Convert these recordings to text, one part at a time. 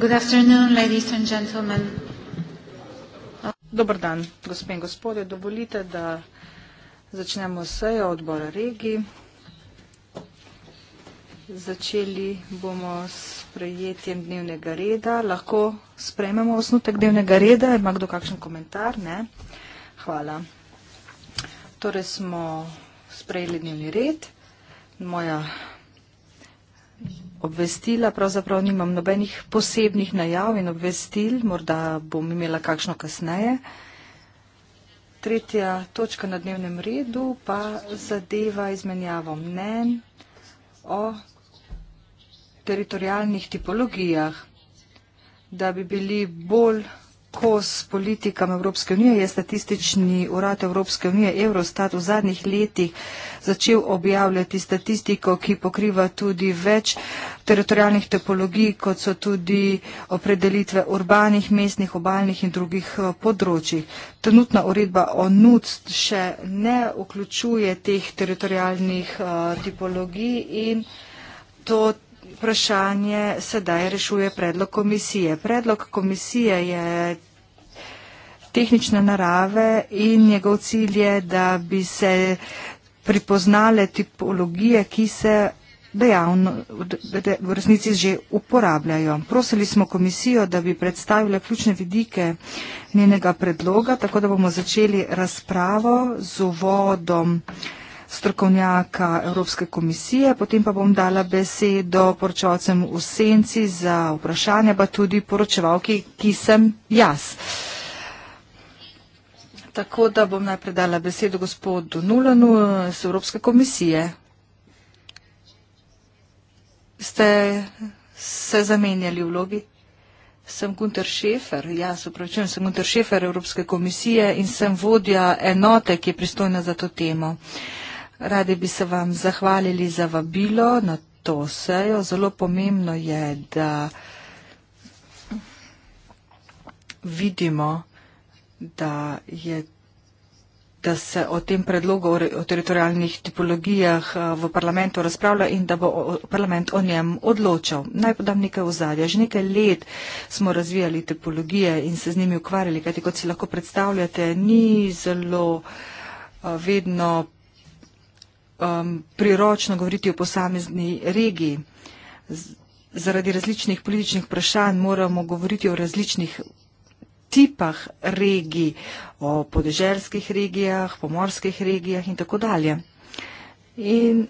Good afternoon, ladies and gentlemen. Dobar dan, gospe in gospodje. Dovolite, da začnemo sejo odbora regij. Začeli bomo s prejetjem dnevnega reda. Lahko sprejmemo osnutek dnevnega reda. Ima kdo kakšen komentar? Ne? Hvala. Torej smo sprejeli dnevni red. Moja obvestila, pravzaprav nimam nobenih posebnih najav in obvestil, morda bom imela kakšno kasneje. Tretja točka na dnevnem redu pa zadeva izmenjavo mnen o teritorijalnih tipologijah, da bi bili bolj kos politikam Evropske unije je statistični urad Evropske unije Eurostat v zadnjih letih začel objavljati statistiko, ki pokriva tudi več teritorijalnih topologij, kot so tudi opredelitve urbanih, mestnih, obaljnih in drugih eh, področjih. Trenutna uredba o NUC še ne vključuje teh teritorijalnih eh, tipologij in to vprašanje sedaj rešuje predlog komisije. Predlog komisije je tehnične narave in njegov cilj je, da bi se pripoznale tipologije, ki se dejavno v resnici že uporabljajo. Prosili smo komisijo, da bi predstavila ključne vidike njenega predloga, tako da bomo začeli razpravo z uvodom strokovnjaka Evropske komisije, potem pa bom dala besedo poročevalcem v senci za vprašanja, pa tudi poročevalki, ki sem jaz. Uh, tako da bom najprej dala besedo gospodu Nulanu z Evropske komisije. Ste se zamenjali vlogi? Sem Gunter Šefer, ja, sopravičujem, sem Gunter Šefer Evropske komisije in sem vodja enote, ki je pristojna za to temo. Radi bi se vam zahvalili za vabilo na to sejo. Zelo pomembno je, da vidimo, da, je, da se o tem predlogu o teritorijalnih tipologijah eh, v parlamentu razpravlja in da bo parlament o njem odločal. Naj podam nekaj ozadja. Že nekaj let smo razvijali tipologije in se z njimi ukvarjali, kajti kot si lahko predstavljate, ni zelo eh, vedno um, priročno govoriti o posamezni regiji. Z, zaradi različnih političnih vprašanj moramo govoriti o različnih tipah regij, o podeželskih regijah, pomorskih regijah in tako dalje. In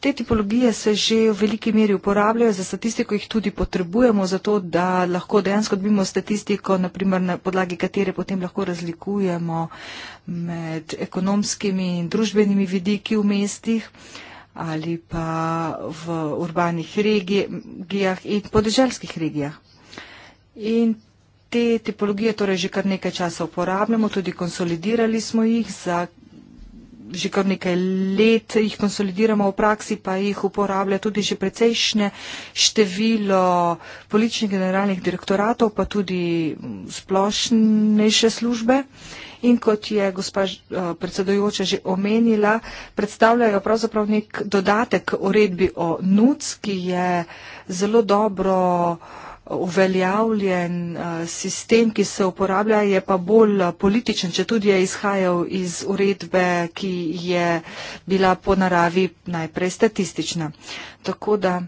te tipologije se že v veliki meri uporabljajo, za statistiko jih tudi potrebujemo, zato da lahko dejansko dobimo statistiko, naprimer, na podlagi katere potem lahko razlikujemo med ekonomskimi in družbenimi vidiki v mestih ali pa v urbanih regijah in podeželskih regijah. In te tipologije torej že kar nekaj časa uporabljamo, tudi konsolidirali smo jih, za že kar nekaj let jih konsolidiramo v praksi, pa jih uporablja tudi že precejšnje število političnih generalnih direktoratov, pa tudi splošnejše službe. In kot je gospa eh, predsedojoča že omenila, predstavljajo pravzaprav nek dodatek uredbi o NUC, ki je zelo dobro uh, uveljavljen eh, sistem, ki se uporablja, je pa bolj eh, političen, če tudi je izhajal iz uredbe, ki je bila po naravi najprej statistična. Tako da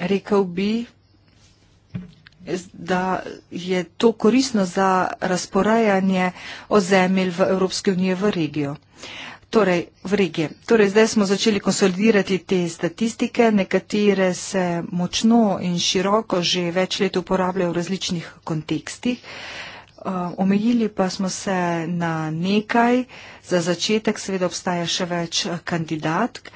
rekel bi, da je to koristno za razporajanje ozemelj v Evropski uniji v regijo. Uh, Torej, v regiji. Torej, zdaj smo začeli konsolidirati te statistike, nekatere se močno in široko že več let uporabljajo v različnih kontekstih. Uh, omejili pa smo se na nekaj, za začetek seveda obstaja še več uh, kandidatk,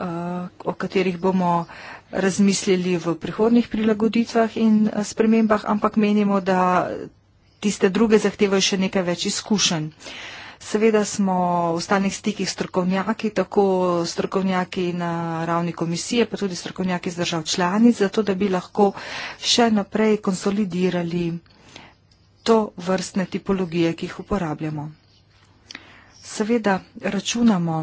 uh, o katerih bomo razmislili v prihodnih prilagoditvah in spremembah, ampak menimo, da tiste druge zahtevajo še nekaj več izkušenj. Seveda smo v stalnih stikih strokovnjaki, tako strokovnjaki na ravni komisije, pa tudi strokovnjaki z držav članic, zato da bi lahko še naprej konsolidirali to vrstne tipologije, ki jih uporabljamo. Seveda računamo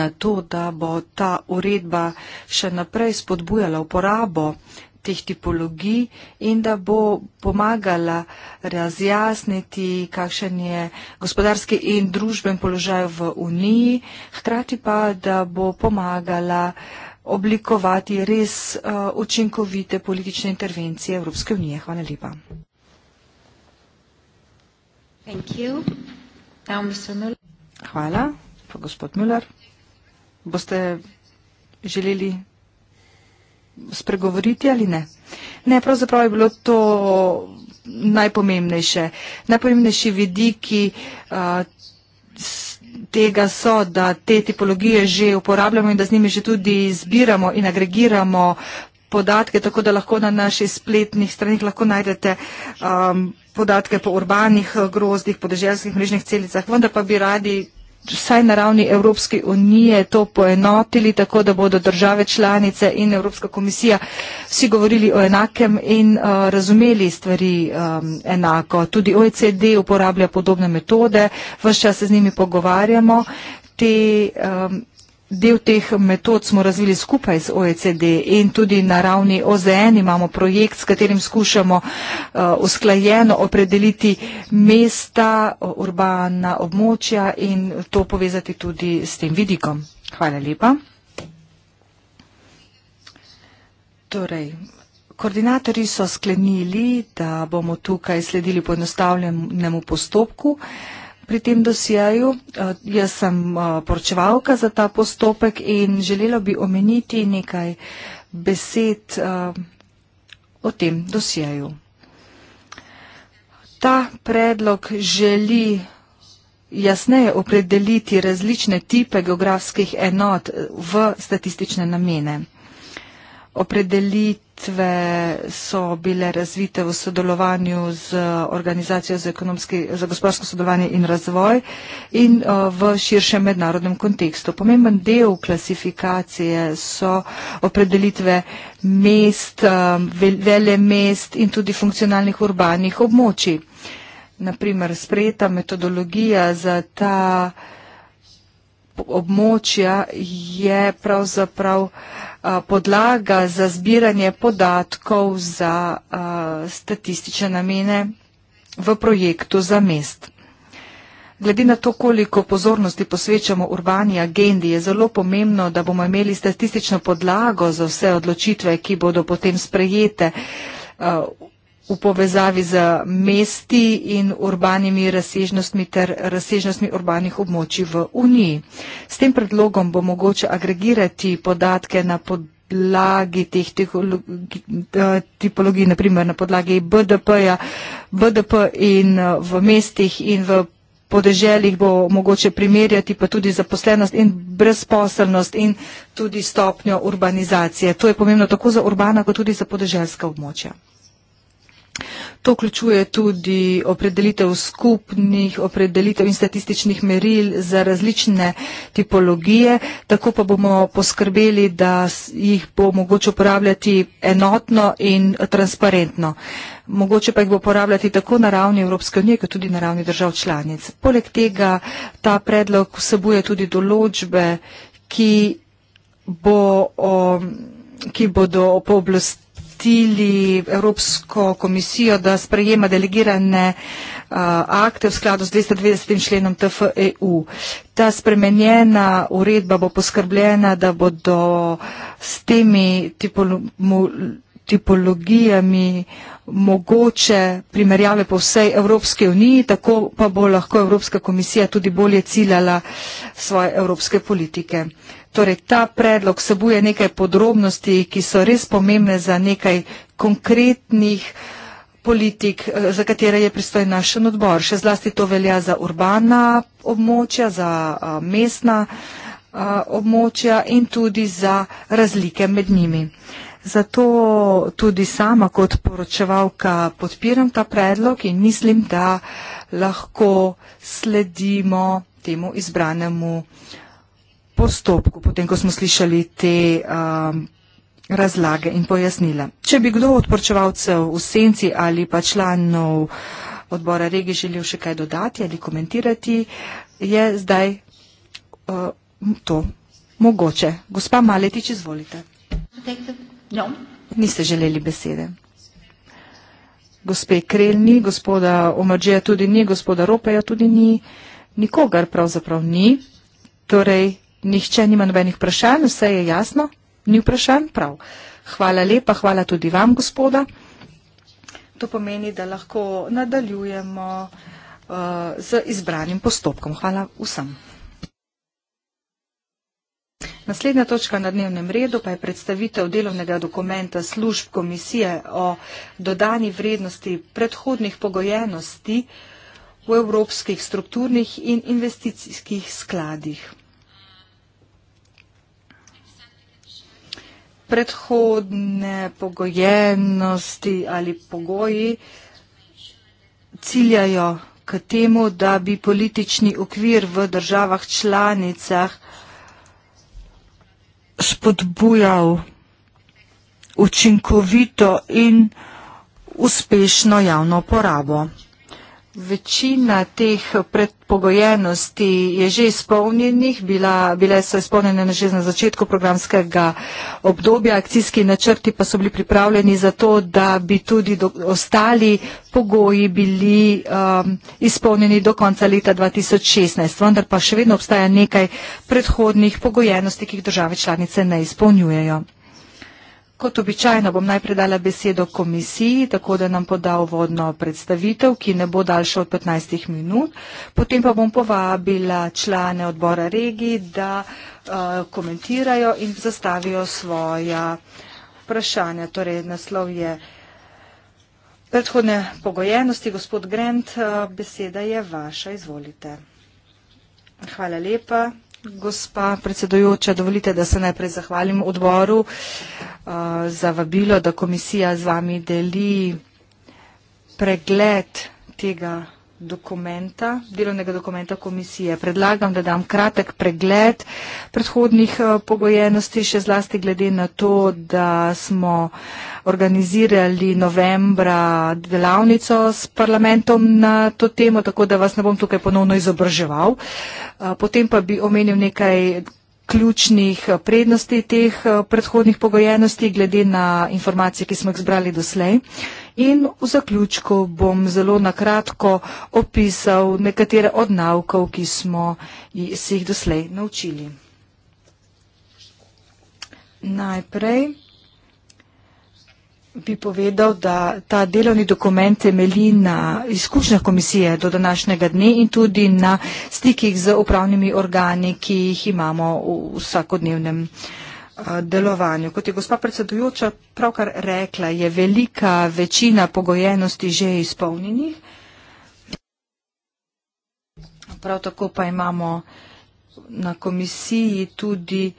na to, da bo ta uredba še naprej spodbujala uporabo teh tipologij in da bo pomagala razjasniti, kakšen je gospodarski in družben položaj v Uniji, hkrati pa, da bo pomagala oblikovati res uh, učinkovite politične intervencije Evropske unije. Hvala lepa. Hvala. Pa gospod Müller, boste želeli spregovoriti ali ne. Ne, pravzaprav je bilo to najpomembnejše. Najpomembnejši vidiki uh, tega so, da te tipologije že uporabljamo in da z njimi že tudi zbiramo in agregiramo podatke, tako da lahko na naših spletnih stranih lahko najdete um, podatke po urbanih uh, grozdih, podeželjskih mrežnih celicah. Vendar pa bi radi vsaj na ravni Evropske unije to poenotili, tako da bodo države članice in Evropska komisija vsi govorili o enakem in uh, razumeli stvari um, enako. Tudi OECD uporablja podobne metode, vse čas se z njimi pogovarjamo. Te, um, Del teh metod smo razvili skupaj z OECD in tudi na ravni OZN imamo projekt, s katerim skušamo uh, usklajeno uh, opredeliti mesta, urbana območja in to povezati tudi s tem vidikom. Hvala lepa. Torej, koordinatori so sklenili, da bomo tukaj sledili poenostavljenemu postopku. Uh, pri tem dosijaju. Eh, jaz sem eh, poročevalka za ta postopek in želela bi omeniti nekaj besed eh, o tem dosijaju. Ta predlog želi jasneje opredeliti različne tipe geografskih enot v statistične namene. Opredelitve so bile razvite v sodelovanju z Organizacijo za, za gospodarsko sodelovanje in razvoj in v širšem mednarodnem kontekstu. Pomemben del klasifikacije so opredelitve mest, vele mest in tudi funkcionalnih urbanih območij. Naprimer, sprejeta metodologija za ta območja je pravzaprav podlaga za zbiranje podatkov za statistične namene v projektu za mest. Glede na to, koliko pozornosti posvečamo urbani agendi, je zelo pomembno, da bomo imeli statistično podlago za vse odločitve, ki bodo potem sprejete v povezavi z mesti in urbanimi razsežnostmi ter razsežnostmi urbanih območij v Uniji. S tem predlogom bo mogoče agregirati podatke na področju podlagi teh eh, tipologij, naprimer na podlagi BDP-ja, BDP in eh, v mestih in v podeželjih bo mogoče primerjati pa tudi zaposlenost in brezposelnost in tudi stopnjo urbanizacije. To je pomembno tako za urbana, kot tudi za podeželjska območja. To vključuje tudi opredelitev skupnih, opredelitev in statističnih meril za različne tipologije, tako pa bomo poskrbeli, da jih bo mogoče uporabljati enotno in transparentno. Mogoče pa jih bo uporabljati tako na ravni Evropske unije, kot tudi na ravni držav članic. Poleg tega ta predlog vsebuje tudi določbe, ki, bo, o, ki bodo po oblasti obvestili Evropsko komisijo, da sprejema delegirane eh, akte v skladu z 290. členom TFEU. Ta spremenjena uredba bo poskrbljena, da bodo s temi tipologijami mogoče primerjave po vsej Evropski uniji, tako pa bo lahko Evropska komisija tudi bolje ciljala svoje evropske politike. Uh, Torej, ta predlog sebuje nekaj podrobnosti, ki so res pomembne za nekaj konkretnih eh, politik, eh, za katere je pristoj naš odbor. Še zlasti to velja za urbana območja, za eh, mestna območja in tudi za razlike med njimi. Zato tudi sama kot poročevalka podpiram ta predlog in mislim, da lahko sledimo temu izbranemu uh, postopku, potem ko smo slišali te um, razlage in pojasnila. Če bi kdo od porčevalcev v senci ali pa članov odbora regi želel še kaj dodati ali komentirati, je zdaj uh, to mogoče. Gospa Maletič, izvolite. No. Niste želeli besede. Gospe Krel ni, gospoda Omađeja tudi ni, gospoda Ropeja tudi ni, nikogar pravzaprav ni. Torej, Nihče nima nobenih vprašanj, vse je jasno, ni vprašanj, prav. Hvala lepa, hvala tudi vam, gospoda. To pomeni, da lahko nadaljujemo uh, z izbranim postopkom. Hvala vsem. Naslednja točka na dnevnem redu pa je predstavitev delovnega dokumenta služb komisije o dodani vrednosti predhodnih pogojenosti v evropskih strukturnih in investicijskih skladih. predhodne pogojenosti ali pogoji ciljajo k temu, da bi politični okvir v državah članicah spodbujal učinkovito in uspešno javno porabo. Večina teh predpogojenosti je že izpolnjenih, bila, bile so izpolnjene že na začetku programskega obdobja, akcijski načrti pa so bili pripravljeni za to, da bi tudi do, ostali pogoji bili um, izpolnjeni do konca leta 2016. Vendar pa še vedno obstaja nekaj predhodnih pogojenosti, ki jih države članice ne izpolnjujejo. Kot običajno bom najprej dala besedo komisiji, tako da nam poda uvodno predstavitev, ki ne bo daljša od 15 minut. Potem pa bom povabila člane odbora regij, da uh, komentirajo in zastavijo svoja vprašanja. Torej, naslov je predhodne pogojenosti. Gospod Grant, uh, beseda je vaša. Izvolite. Hvala lepa. Gospa predsedujoča, dovolite, da se najprej zahvalim odboru uh, za vabilo, da komisija z vami deli pregled tega dokumenta, delovnega dokumenta komisije. Predlagam, da dam kratek pregled predhodnih uh, pogojenosti, še zlasti glede na to, da smo uh, organizirali novembra delavnico s parlamentom na to temo, tako da vas ne bom tukaj ponovno izobraževal. Potem pa bi omenil nekaj ključnih prednosti teh predhodnih pogojenosti glede na informacije, ki smo jih zbrali doslej. In v zaključku bom zelo nakratko opisal nekatere od navkov, ki smo si jih doslej naučili. Najprej bi povedal, da ta delovni dokument temelji na izkušnjah komisije do današnjega dne in tudi na stikih z upravnimi organi, ki jih imamo v vsakodnevnem eh, delovanju. Kot je gospa predsedujoča pravkar rekla, je velika večina pogojenosti že izpolnjenih. Prav tako pa imamo na komisiji tudi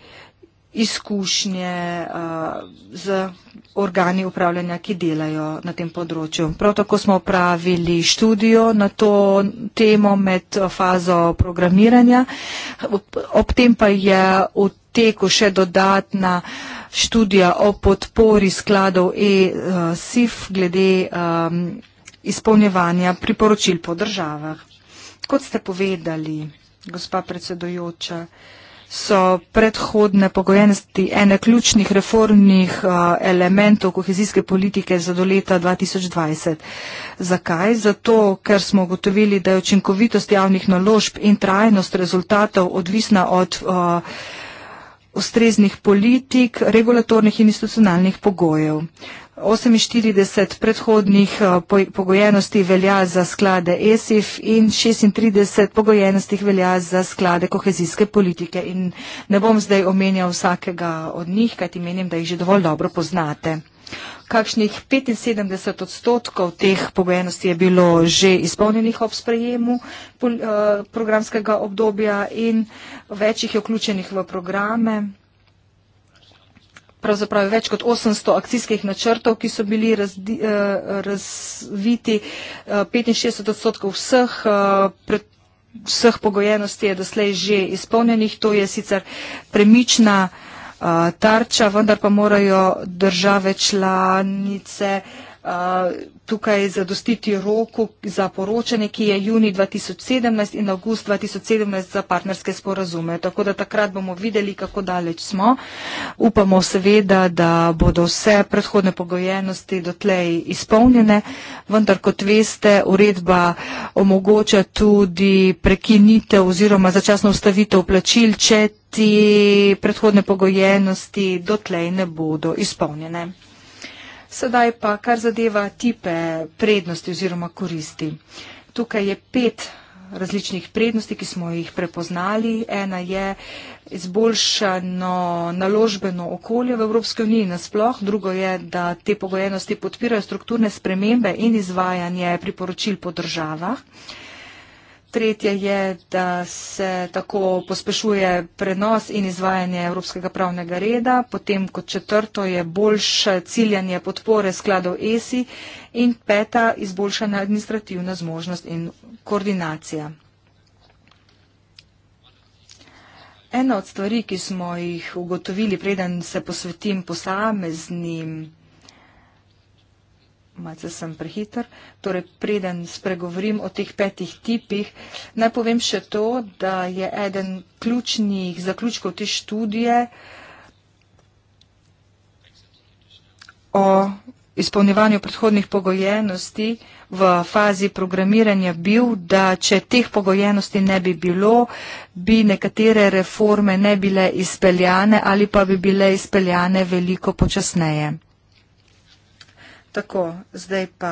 izkušnje uh, z organi upravljanja, ki delajo na tem področju. Prav tako smo opravili študijo na to temo med fazo programiranja. Ob tem pa je v teku še dodatna študija o podpori skladov ESIF glede um, izpolnjevanja priporočil po državah. Kot ste povedali, gospa predsedojoča, uh, so predhodne pogojenosti ene ključnih reformnih uh, elementov kohezijske politike za do leta 2020. Zakaj? Zato, ker smo ugotovili, da je učinkovitost javnih naložb in trajnost rezultatov odvisna od uh, ustreznih politik, regulatornih in institucionalnih pogojev. 48 predhodnih eh, pogojenosti velja za sklade ESIF in 36 pogojenosti velja za sklade kohezijske politike. In ne bom zdaj omenjal vsakega od njih, kajti menim, da jih že dovolj dobro poznate kakšnih 75 odstotkov teh pogojenosti je bilo že izpolnjenih ob sprejemu eh, programskega obdobja in večjih je vključenih v programe. Pravzaprav več kot 800 akcijskih načrtov, ki so bili razdi, eh, razviti, 65 eh, odstotkov vseh, vseh pogojenosti je doslej že izpolnjenih. To je sicer premična tarča, vendar pa morajo države članice Eh, tukaj zadostiti roku za poročanje, ki je juni 2017 in avgust 2017 za partnerske sporazume. Tako da takrat bomo videli, kako daleč smo. Upamo seveda, da bodo vse predhodne pogojenosti dotlej izpolnjene, vendar kot veste, uredba omogoča tudi prekinitev oziroma začasno ustavitev plačil, če ti predhodne pogojenosti dotlej ne bodo izpolnjene. Sedaj pa, kar zadeva tipe prednosti oziroma koristi. Tukaj je pet različnih prednosti, ki smo jih prepoznali. Ena je izboljšano naložbeno okolje v Evropski uniji nasploh, drugo je, da te pogojenosti podpirajo strukturne spremembe in izvajanje priporočil po državah. Tretje je, da se tako pospešuje prenos in izvajanje evropskega pravnega reda. Potem kot četrto je boljše ciljanje podpore skladov ESI in peta izboljšana administrativna zmožnost in koordinacija. Ena od stvari, ki smo jih ugotovili, preden se posvetim posameznim malce sem prehiter, torej preden spregovorim o teh petih tipih, naj povem še to, da je eden ključnih zaključkov te študije o izpolnjevanju predhodnih pogojenosti v fazi programiranja bil, da če teh pogojenosti ne bi bilo, bi nekatere reforme ne bile izpeljane ali pa bi bile izpeljane veliko počasneje. Tako, zdaj pa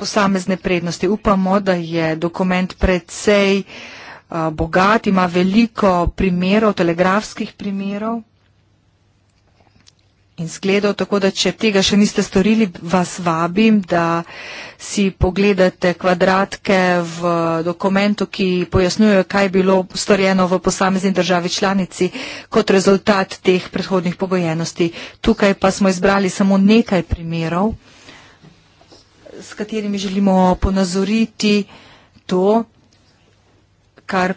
posamezne prednosti. Upamo, da je dokument predvsej uh, eh, bogat, ima veliko primerov, telegrafskih primerov in zgledov, tako da če tega še niste storili, vas vabim, da si pogledate kvadratke v dokumentu, ki pojasnjujejo, kaj je bilo storjeno v posamezni državi članici kot rezultat teh predhodnih pogojenosti. Tukaj pa smo izbrali samo nekaj primerov, s katerimi želimo ponazoriti to, kar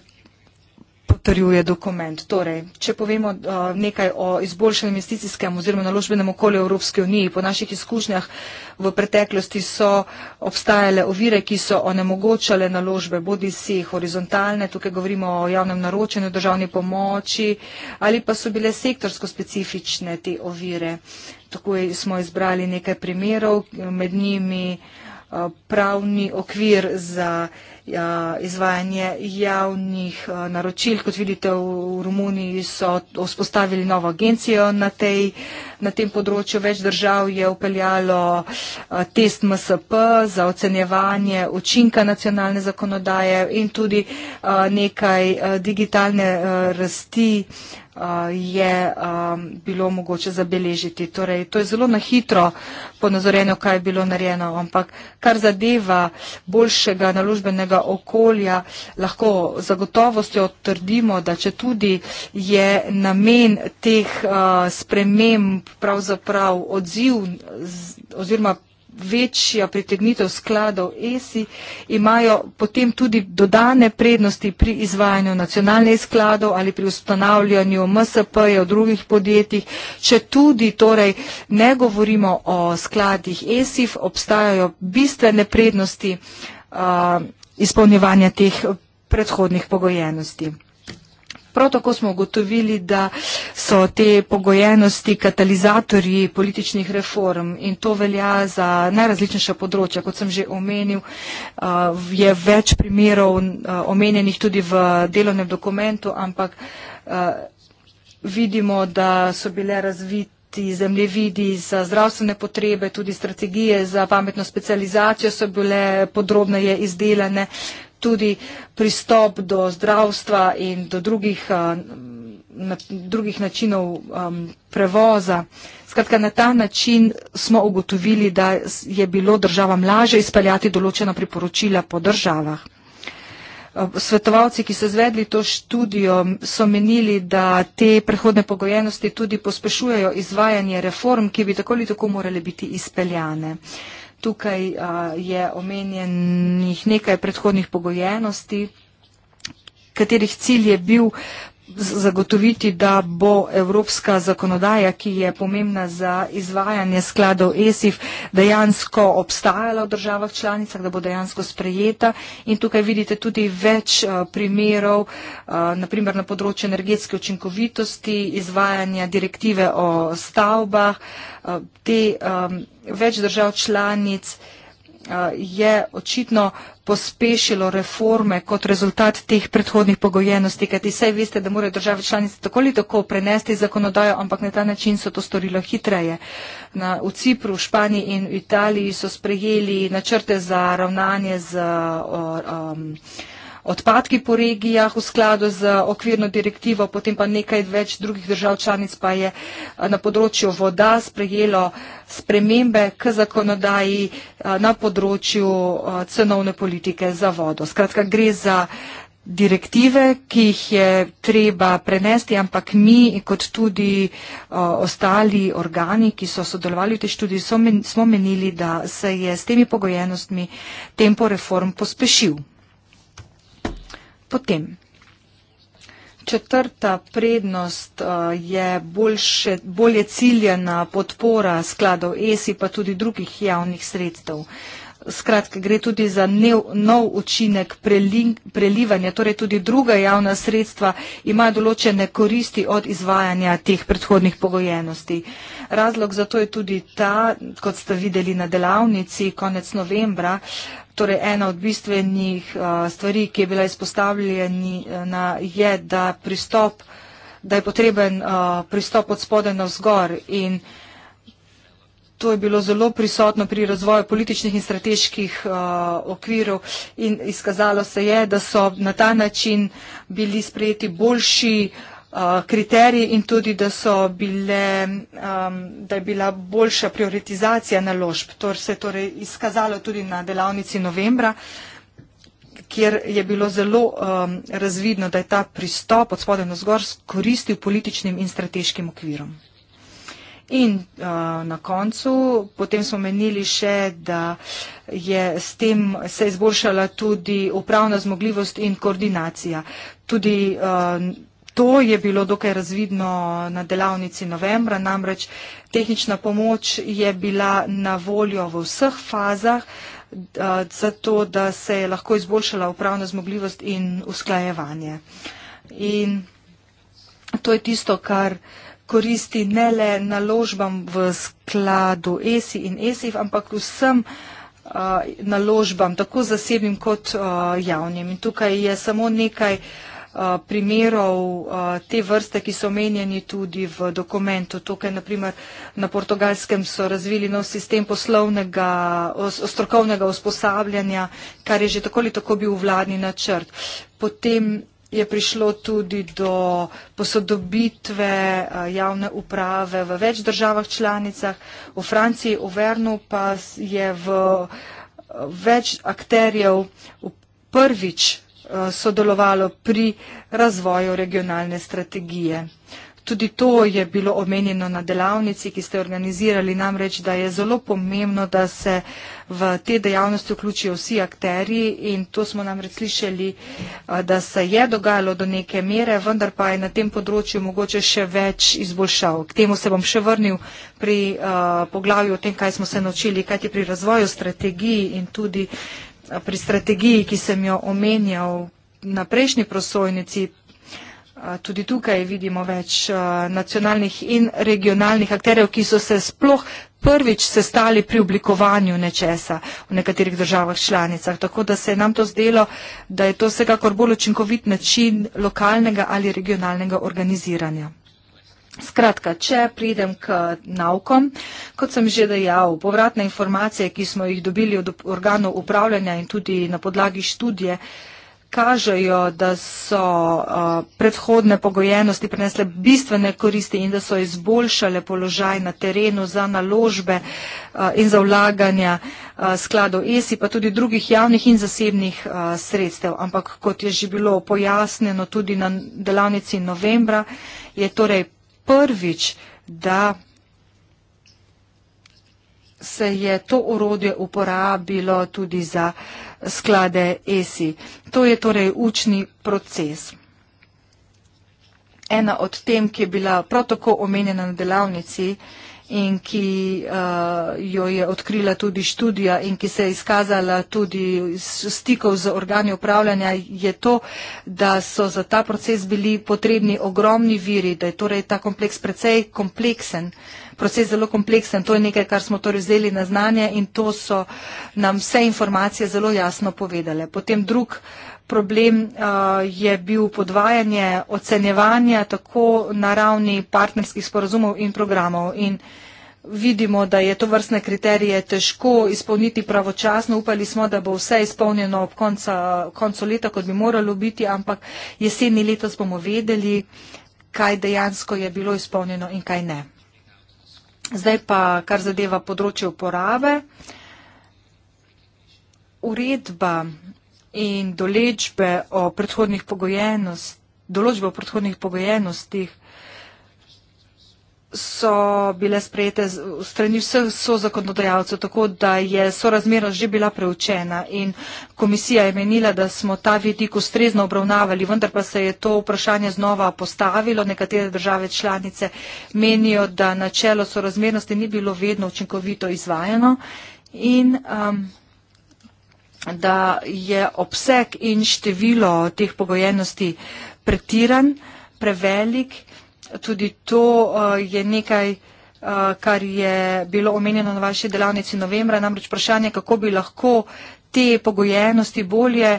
potrjuje dokument. Torej, če povemo uh, nekaj o izboljšanju investicijskem oziroma naložbenem okolju Evropske unije, po naših izkušnjah v preteklosti so obstajale ovire, ki so onemogočale naložbe, bodi si horizontalne, tukaj govorimo o javnem naročenju, državni pomoči, ali pa so bile sektorsko specifične te ovire. Takoj smo izbrali nekaj primerov, med njimi uh, pravni okvir za investicijske Ja, izvajanje javnih eh, naročil. Kot vidite, v Romuniji so vzpostavili novo agencijo na, tej, na tem področju. Več držav je upeljalo eh, test MSP za ocenjevanje učinka nacionalne zakonodaje in tudi eh, nekaj digitalne rasti je um, bilo mogoče zabeležiti. Torej, to je zelo nahitro ponazorjeno, kaj je bilo narejeno, ampak kar zadeva boljšega naložbenega našega okolja, lahko zagotovostjo trdimo, da če tudi je namen teh uh, sprememb pravzaprav odziv z, oziroma večja pritegnitev skladov ESI, imajo potem tudi dodane prednosti pri izvajanju nacionalnih skladov ali pri ustanavljanju MSP-je v drugih podjetjih. Če tudi torej ne govorimo o skladih ESIF, obstajajo bistvene prednosti. Uh, izpolnjevanja teh predhodnih pogojenosti. Prav tako smo ugotovili, da so te pogojenosti katalizatorji političnih reform in to velja za najrazličnejša področja. Kot sem že omenil, je več primerov omenjenih tudi v delovnem dokumentu, ampak vidimo, da so bile razvite ti zemljevidi za zdravstvene potrebe, tudi strategije za pametno specializacijo so bile podrobneje izdelane, tudi pristop do zdravstva in do drugih, na, drugih načinov um, prevoza. Skratka, na ta način smo ugotovili, da je bilo državam laže izpeljati določena priporočila po državah. Svetovalci, ki so izvedli to študijo, so menili, da te prehodne pogojenosti tudi pospešujejo izvajanje reform, ki bi tako ali tako morale biti izpeljane. Tukaj je omenjenih nekaj predhodnih pogojenosti, katerih cilj je bil zagotoviti, da bo evropska zakonodaja, ki je pomembna za izvajanje skladov ESIF, dejansko obstajala v državah članicah, da bo dejansko sprejeta. In tukaj vidite tudi več eh, primerov, eh, naprimer na področju energetske učinkovitosti, izvajanja direktive o stavbah. Eh, te več držav članic je očitno pospešilo reforme kot rezultat teh predhodnih pogojenosti, kajti saj veste, da morajo države članice tako ali tako prenesti zakonodajo, ampak na ta način so to storilo hitreje. Na, v Cipru, v Španiji in v Italiji so sprejeli načrte za ravnanje z. O, o, odpadki po regijah v skladu z okvirno direktivo, potem pa nekaj več drugih držav članic pa je eh, na področju voda sprejelo spremembe k zakonodaji eh, na področju eh, cenovne politike za vodo. Skratka, gre za direktive, ki jih je treba prenesti, ampak mi kot tudi o, ostali organi, ki so sodelovali v tej študiji, smo menili, da se je s temi pogojenostmi tempo reform pospešil. Potem. Četrta prednost eh, je boljše, bolje ciljena podpora skladov ESI pa tudi drugih javnih sredstev. Skratka, gre tudi za nev, nov učinek prelivanja, torej tudi druga javna sredstva imajo določene koristi od izvajanja teh predhodnih pogojenosti. Razlog za to je tudi ta, kot ste videli na delavnici konec novembra, uh, Torej, ena od bistvenih uh, stvari, ki je bila izpostavljena, eh, je, da, pristop, da je potreben uh, pristop od spodaj na vzgor. In to je bilo zelo prisotno pri razvoju političnih in strateških uh, okvirov. In izkazalo se je, da so na ta način bili sprejeti boljši uh, Uh, kriteriji in tudi, da, bile, um, da je bila boljša prioritizacija naložb. To se je torej izkazalo tudi na delavnici novembra, kjer je bilo zelo um, razvidno, da je ta pristop od spodaj na zgor koristil političnim in strateškim okvirom. In uh, na koncu potem smo menili še, da je s tem se izboljšala tudi upravna zmogljivost in koordinacija. Tudi uh, To je bilo dokaj razvidno na delavnici novembra, namreč tehnična pomoč je bila na voljo v vseh fazah, eh, zato da se je lahko izboljšala upravna zmogljivost in usklajevanje. In to je tisto, kar koristi ne le naložbam v skladu ESI in ESIF, ampak vsem eh, naložbam, tako zasebnim kot eh, javnim. In tukaj je samo nekaj Eh, primerov eh, te vrste, ki so omenjeni tudi v dokumentu. Tukaj naprimer na portugalskem so razvili nov sistem poslovnega, strokovnega usposabljanja, kar je že tako ali tako bil vladni načrt. Potem je prišlo tudi do posodobitve eh, javne uprave v več državah članicah. V Franciji, v Vernu pa je v več akterjev prvič Eh, sodelovalo pri razvoju regionalne strategije. Tudi to je bilo omenjeno na delavnici, ki ste organizirali namreč, da je zelo pomembno, da se v te dejavnosti vključijo vsi akteri in to smo namreč slišali, eh, da se je dogajalo do neke mere, vendar pa je na tem področju mogoče še več izboljšav. K temu se bom še vrnil pri uh, poglavju o tem, kaj smo se naučili, kaj je pri razvoju strategiji in tudi pri strategiji, ki sem jo omenjal na prejšnji prosojnici, eh, tudi tukaj vidimo več eh, nacionalnih in regionalnih akterjev, ki so se sploh prvič sestali pri oblikovanju nečesa v nekaterih državah članicah. Tako da se je nam to zdelo, da je to vsekakor bolj učinkovit način lokalnega ali regionalnega organiziranja. Skratka, če pridem k naukom, kot sem že dejal, povratne informacije, ki smo jih dobili od organov upravljanja in tudi na podlagi študije, kažejo, da so uh, predhodne pogojenosti prinesle bistvene koristi in da so izboljšale položaj na terenu za naložbe uh, in za vlaganja uh, skladov ESI, pa tudi drugih javnih in zasebnih uh, sredstev. Ampak kot je že bilo pojasneno tudi na delavnici novembra, je torej prvič, da se je to orodje uporabilo tudi za sklade ESI. To je torej učni proces. Ena od tem, ki je bila prav tako omenjena na delavnici, uh, in ki uh, jo je odkrila tudi študija in ki se je izkazala tudi s stikov z organi upravljanja, je to, da so za ta proces bili potrebni ogromni viri, da je torej ta kompleks precej kompleksen. Proces zelo kompleksen, to je nekaj, kar smo torej vzeli na znanje in to so nam vse informacije zelo jasno povedale. Potem drug uh, problem uh, je bil podvajanje ocenjevanja tako na ravni partnerskih sporazumov in programov. In vidimo, da je to vrstne kriterije težko izpolniti pravočasno. Upali smo, da bo vse izpolnjeno ob konca, koncu leta, kot bi moralo biti, ampak jeseni letos bomo vedeli, kaj dejansko je bilo izpolnjeno in kaj ne. Zdaj pa, kar zadeva področje uporabe. Uredba in določbe o predhodnih pogojenost, določbe o predhodnih pogojenostih so bile sprejete v strani vseh so zakonodajalcev, tako da je sorazmera že bila preučena in komisija je menila, da smo ta vidik ustrezno obravnavali, vendar pa se je to vprašanje znova postavilo. Nekatere države članice menijo, da načelo sorazmernosti ni bilo vedno učinkovito izvajano in um, da je obseg in število teh pogojenosti pretiran, prevelik. Tudi to uh, je nekaj, uh, kar je bilo omenjeno na vaši delavnici novembra, namreč vprašanje, kako bi lahko te pogojenosti bolje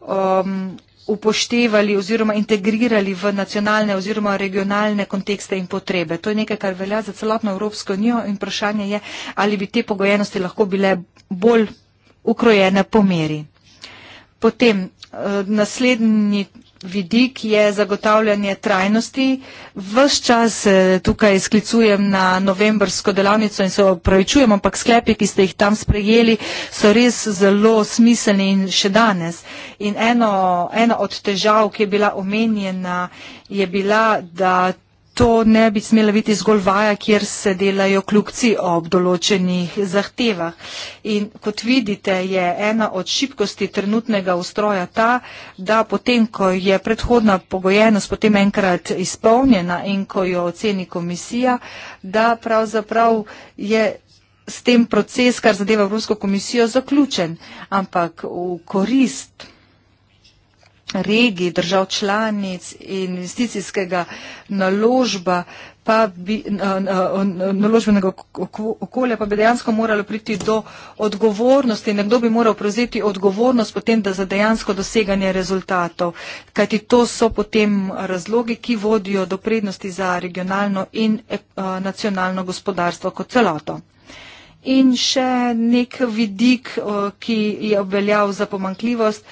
um, upoštevali oziroma integrirali v nacionalne oziroma regionalne kontekste in potrebe. To je nekaj, kar velja za celotno Evropsko unijo in vprašanje je, ali bi te pogojenosti lahko bile bolj ukrojene po meri. Potem eh, naslednji vidik je zagotavljanje trajnosti. Ves čas eh, tukaj sklicujem na novembrsko delavnico in se opravičujem, ampak sklepi, ki ste jih tam sprejeli, so res zelo smiselni in še danes. In eno, ena od težav, ki je bila omenjena, je bila, da to ne bi smela biti zgolj vaja, kjer se delajo kljukci ob določenih zahtevah. In kot vidite, je ena od šibkosti trenutnega ustroja ta, da potem, ko je predhodna pogojenost potem enkrat izpolnjena in ko jo oceni komisija, da pravzaprav je s tem proces, kar zadeva Evropsko komisijo, zaključen. Ampak v korist regij, držav članic in investicijskega naložba pa bi, naložbenega okolja pa bi dejansko moralo priti do odgovornosti. Nekdo bi moral prevzeti odgovornost potem da za dejansko doseganje rezultatov. Kajti to so potem razlogi, ki vodijo do prednosti za regionalno in eh, nacionalno gospodarstvo kot celoto. In še nek vidik, eh, ki je obveljal za pomankljivost,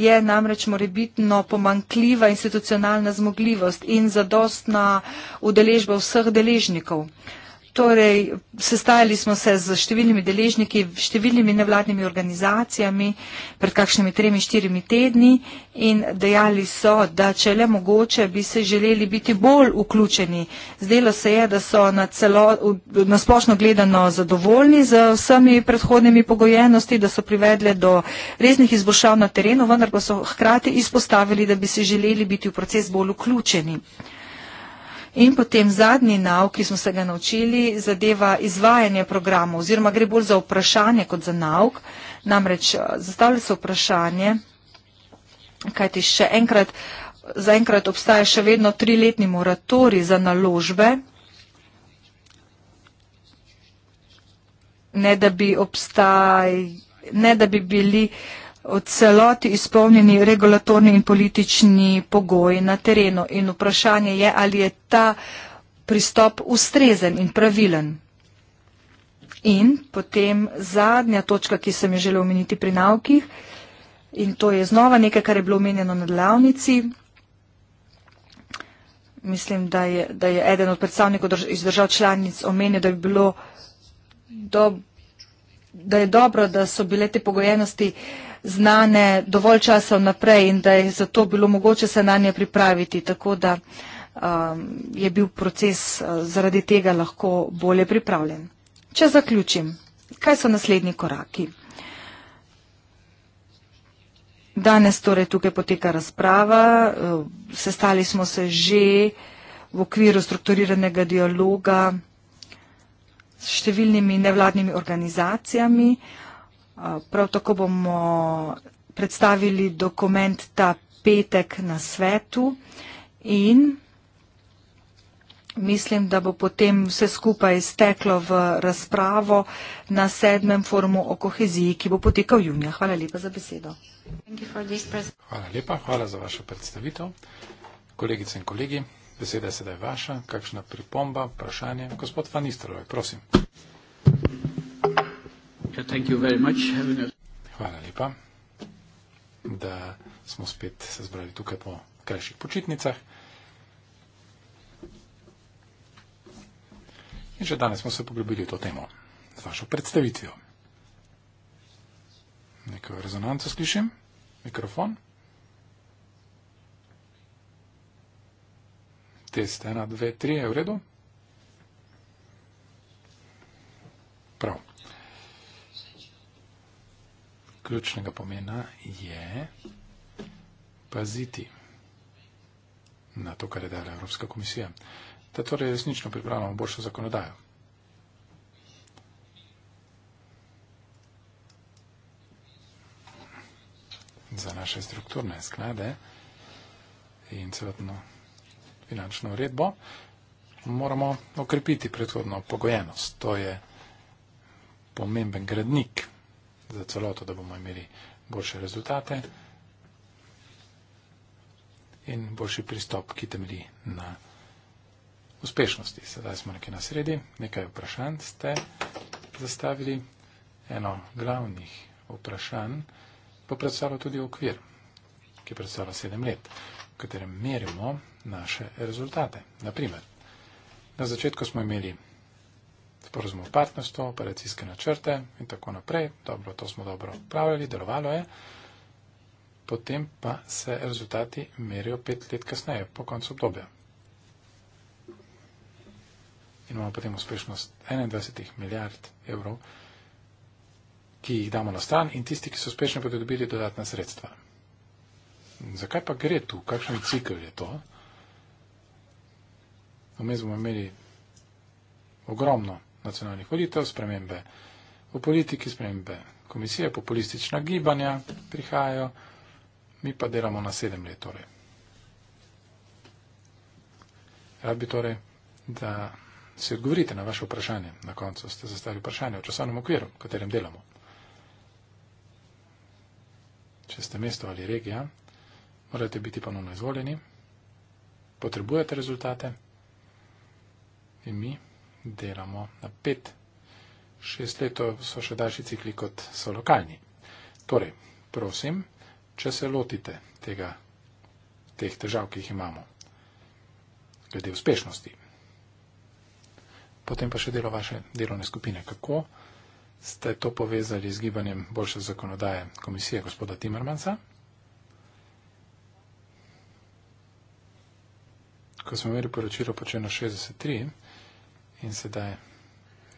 je namreč morebitno pomankljiva institucionalna zmogljivost in zadostna udeležba vseh deležnikov. Torej, sestajali smo se z številnimi deležniki, številnimi nevladnimi organizacijami pred kakšnimi tremi, štirimi tedni in dejali so, da če le mogoče bi se želeli biti bolj vključeni. Zdelo se je, da so na, celo, na splošno gledano zadovoljni z vsemi predhodnimi pogojenosti, da so privedle do resnih izboljšav na terenu, vendar pa so hkrati izpostavili, da bi se želeli biti v proces bolj vključeni. In potem zadnji nauk, ki smo se ga naučili, zadeva izvajanje programov oziroma gre bolj za vprašanje kot za nauk. Namreč eh, zastavlja se vprašanje, kaj ti še enkrat, za enkrat obstaja še vedno triletni moratori za naložbe, ne da bi obstaj, ne da bi bili v celoti izpolnjeni regulatorni in politični pogoji na terenu. In vprašanje je, ali je ta pristop ustrezen in pravilen. In potem zadnja točka, ki sem jo želel omeniti pri navkih, in to je znova nekaj, kar je bilo omenjeno na delavnici. Mislim, da je, da je eden od predstavnikov drž iz držav članic omenil, da, bi bilo do, da je dobro, da so bile te pogojenosti uh, znane dovolj časa naprej in da je zato bilo mogoče se na nje pripraviti, tako da um, je bil proces uh, zaradi tega lahko bolje pripravljen. Če zaključim, kaj so naslednji koraki? Danes torej tukaj poteka razprava, uh, sestali smo se že v okviru strukturiranega dialoga s številnimi nevladnimi organizacijami. Prav tako bomo predstavili dokument ta petek na svetu in mislim, da bo potem vse skupaj steklo v razpravo na sedmem forumu o koheziji, ki bo potekal junija. Hvala lepa za besedo. Hvala lepa, hvala za vašo predstavitev. Kolegice in kolegi, beseda je sedaj vaša. Kakšna pripomba, vprašanje? Gospod Vanistrovaj, prosim. Hvala lepa, da smo spet se zbrali tukaj po krajših počitnicah. In že danes smo se poglobili v to temo z vašo predstavitvijo. Neko rezonanco slišim, mikrofon. Test 1, 2, 3 je v redu. ključnega pomena je paziti na to, kar je dala Evropska komisija. Ta torej resnično pripravljamo boljšo zakonodajo. za naše strukturne sklade in celotno finančno uredbo, moramo okrepiti predhodno pogojenost. To je pomemben gradnik za celoto, da bomo imeli boljše rezultate in boljši pristop, ki temelji na uspešnosti. Sedaj smo nekje na sredi, nekaj vprašanj ste zastavili. Eno glavnih vprašanj pa predstavlja tudi okvir, ki predstavlja sedem let, v katerem merimo naše rezultate. Naprimer, na začetku smo imeli sporozum o partnerstvu, operacijske načrte in tako naprej. Dobro, to smo dobro upravljali, delovalo je. Potem pa se rezultati merijo pet let kasneje, po koncu obdobja. In imamo potem uspešnost 21 milijard evrov, ki jih damo na stran in tisti, ki so uspešni, bodo dobili dodatna sredstva. Zakaj pa gre tu? Kakšen cikl je to? Vmes bomo imeli ogromno nacionalnih volitev, spremembe v politiki, spremembe komisije, populistična gibanja prihajajo, mi pa delamo na sedem let. Torej. Rad bi torej, da se odgovorite na vaše vprašanje. Na koncu ste zastavili vprašanje o časovnem okviru, v katerem delamo. Če ste mesto ali regija, morate biti ponovno izvoljeni, potrebujete rezultate in mi delamo na pet, šest let, so še daljši cikli, kot so lokalni. Torej, prosim, če se lotite tega, teh težav, ki jih imamo, glede uspešnosti, potem pa še delo vaše delovne skupine, kako ste to povezali z gibanjem boljše zakonodaje komisije gospoda Timmermansa. Ko smo imeli poročilo počeno 63, in sedaj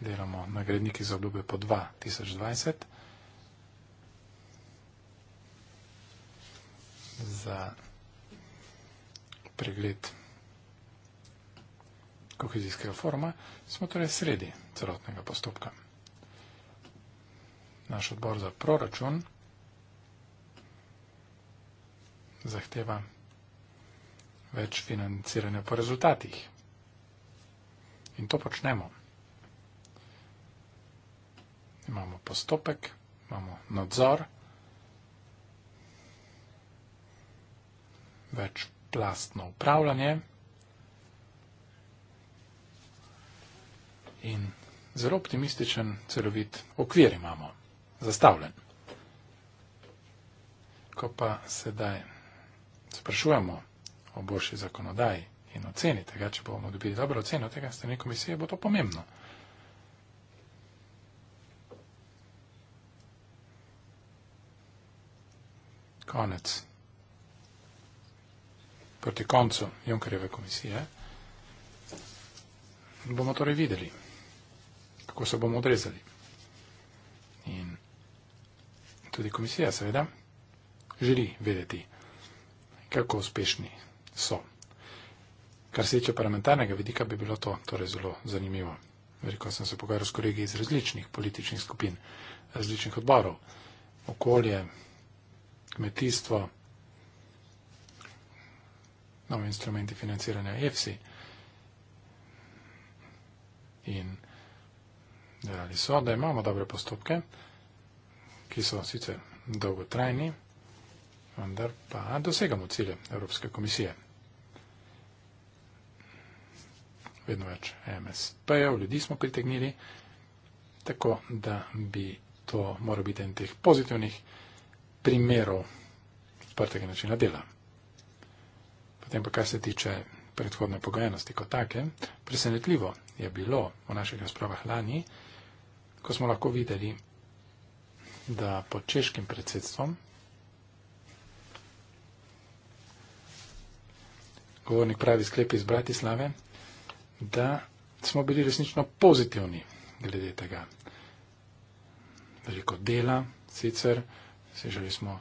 delamo nagrednik iz obljube po 2020. Za pregled kohezijskega foruma smo torej sredi celotnega postopka. Naš odbor za proračun zahteva več financiranja po rezultatih. In to počnemo. Imamo postopek, imamo nadzor, večplastno upravljanje in zelo optimističen, celovit okvir imamo, zastavljen. Ko pa sedaj sprašujemo o boljši zakonodaji, in ocenite ga, če bomo dobili dobro oceno tega strani komisije, bo to pomembno. Konec. Proti koncu Junkerjeve komisije bomo torej videli, kako se bomo odrezali. In tudi komisija seveda želi vedeti, kako uspešni so. Kar se tiče parlamentarnega vidika, bi bilo to torej zelo zanimivo. Veliko sem se pogovarjal s kolegi iz različnih političnih skupin, različnih odborov, okolje, kmetijstvo, novi instrumenti financiranja EFSI in delali so, da imamo dobre postopke, ki so sicer dolgotrajni, vendar pa dosegamo cilje Evropske komisije. vedno več MS. Pa je, ljudi smo pritegnili, tako da bi to moral biti en teh pozitivnih primerov odprtega načina dela. Potem pa, kar se tiče predhodne pogojenosti kot take, presenetljivo je bilo v naših razpravah lani, ko smo lahko videli, da pod češkim predsedstvom govornik pravi sklepi iz Bratislave, da smo bili resnično pozitivni glede tega. Veliko dela, sicer slišali smo,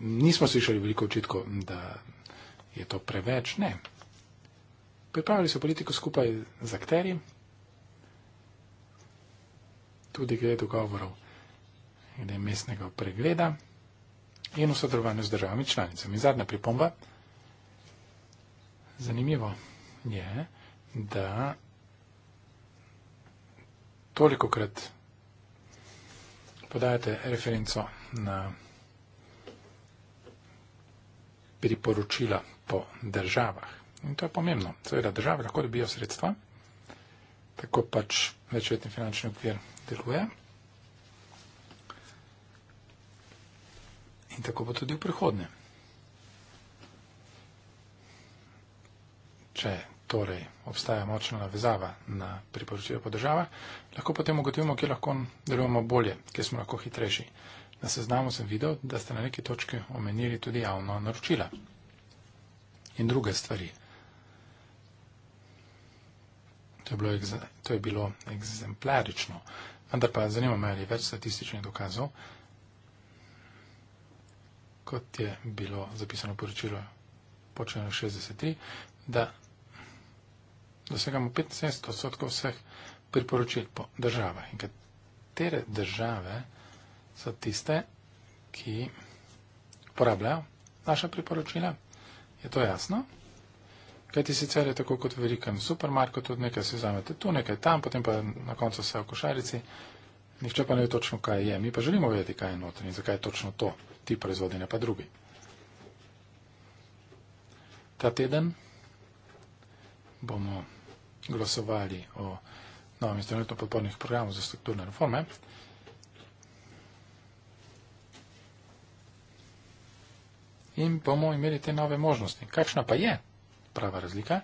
nismo slišali veliko očitkov, da je to preveč, ne. Pripravili so politiko skupaj z akteri, tudi glede dogovorov, glede mestnega pregleda in v sodelovanju z državami članicami. Zadnja pripomba, zanimivo je, yeah da toliko krat podajate referenco na priporočila po državah. In to je pomembno. Seveda, države lahko dobijo sredstva, tako pač večletni finančni okvir deluje. In tako bo tudi v prihodnje. Če torej obstaja močna navezava na priporočila po državah, lahko potem ugotovimo, kje lahko delujemo bolje, kje smo lahko hitrejši. Na seznamu sem videl, da ste na neki točki omenili tudi javno naročila in druge stvari. To je bilo, to je bilo egzemplarično, vendar pa zanima me, ali je več statističnih dokazov, kot je bilo zapisano poročilo počeno 63, da dosegamo 75 odstotkov vseh priporočil po državah. In katere države so tiste, ki uporabljajo naša priporočila? Je to jasno? Kaj ti sicer je tako kot v velikem supermarketu, nekaj si vzamete tu, nekaj tam, potem pa na koncu vse v košarici. Nihče pa ne ve točno, kaj je. Mi pa želimo vedeti, kaj je notri in zakaj je točno to, ti proizvodi, ne pa drugi. Ta teden bomo glasovali o novem instrumentu podpornih programov za strukturne reforme. In bomo imeli te nove možnosti. Kakšna pa je prava razlika?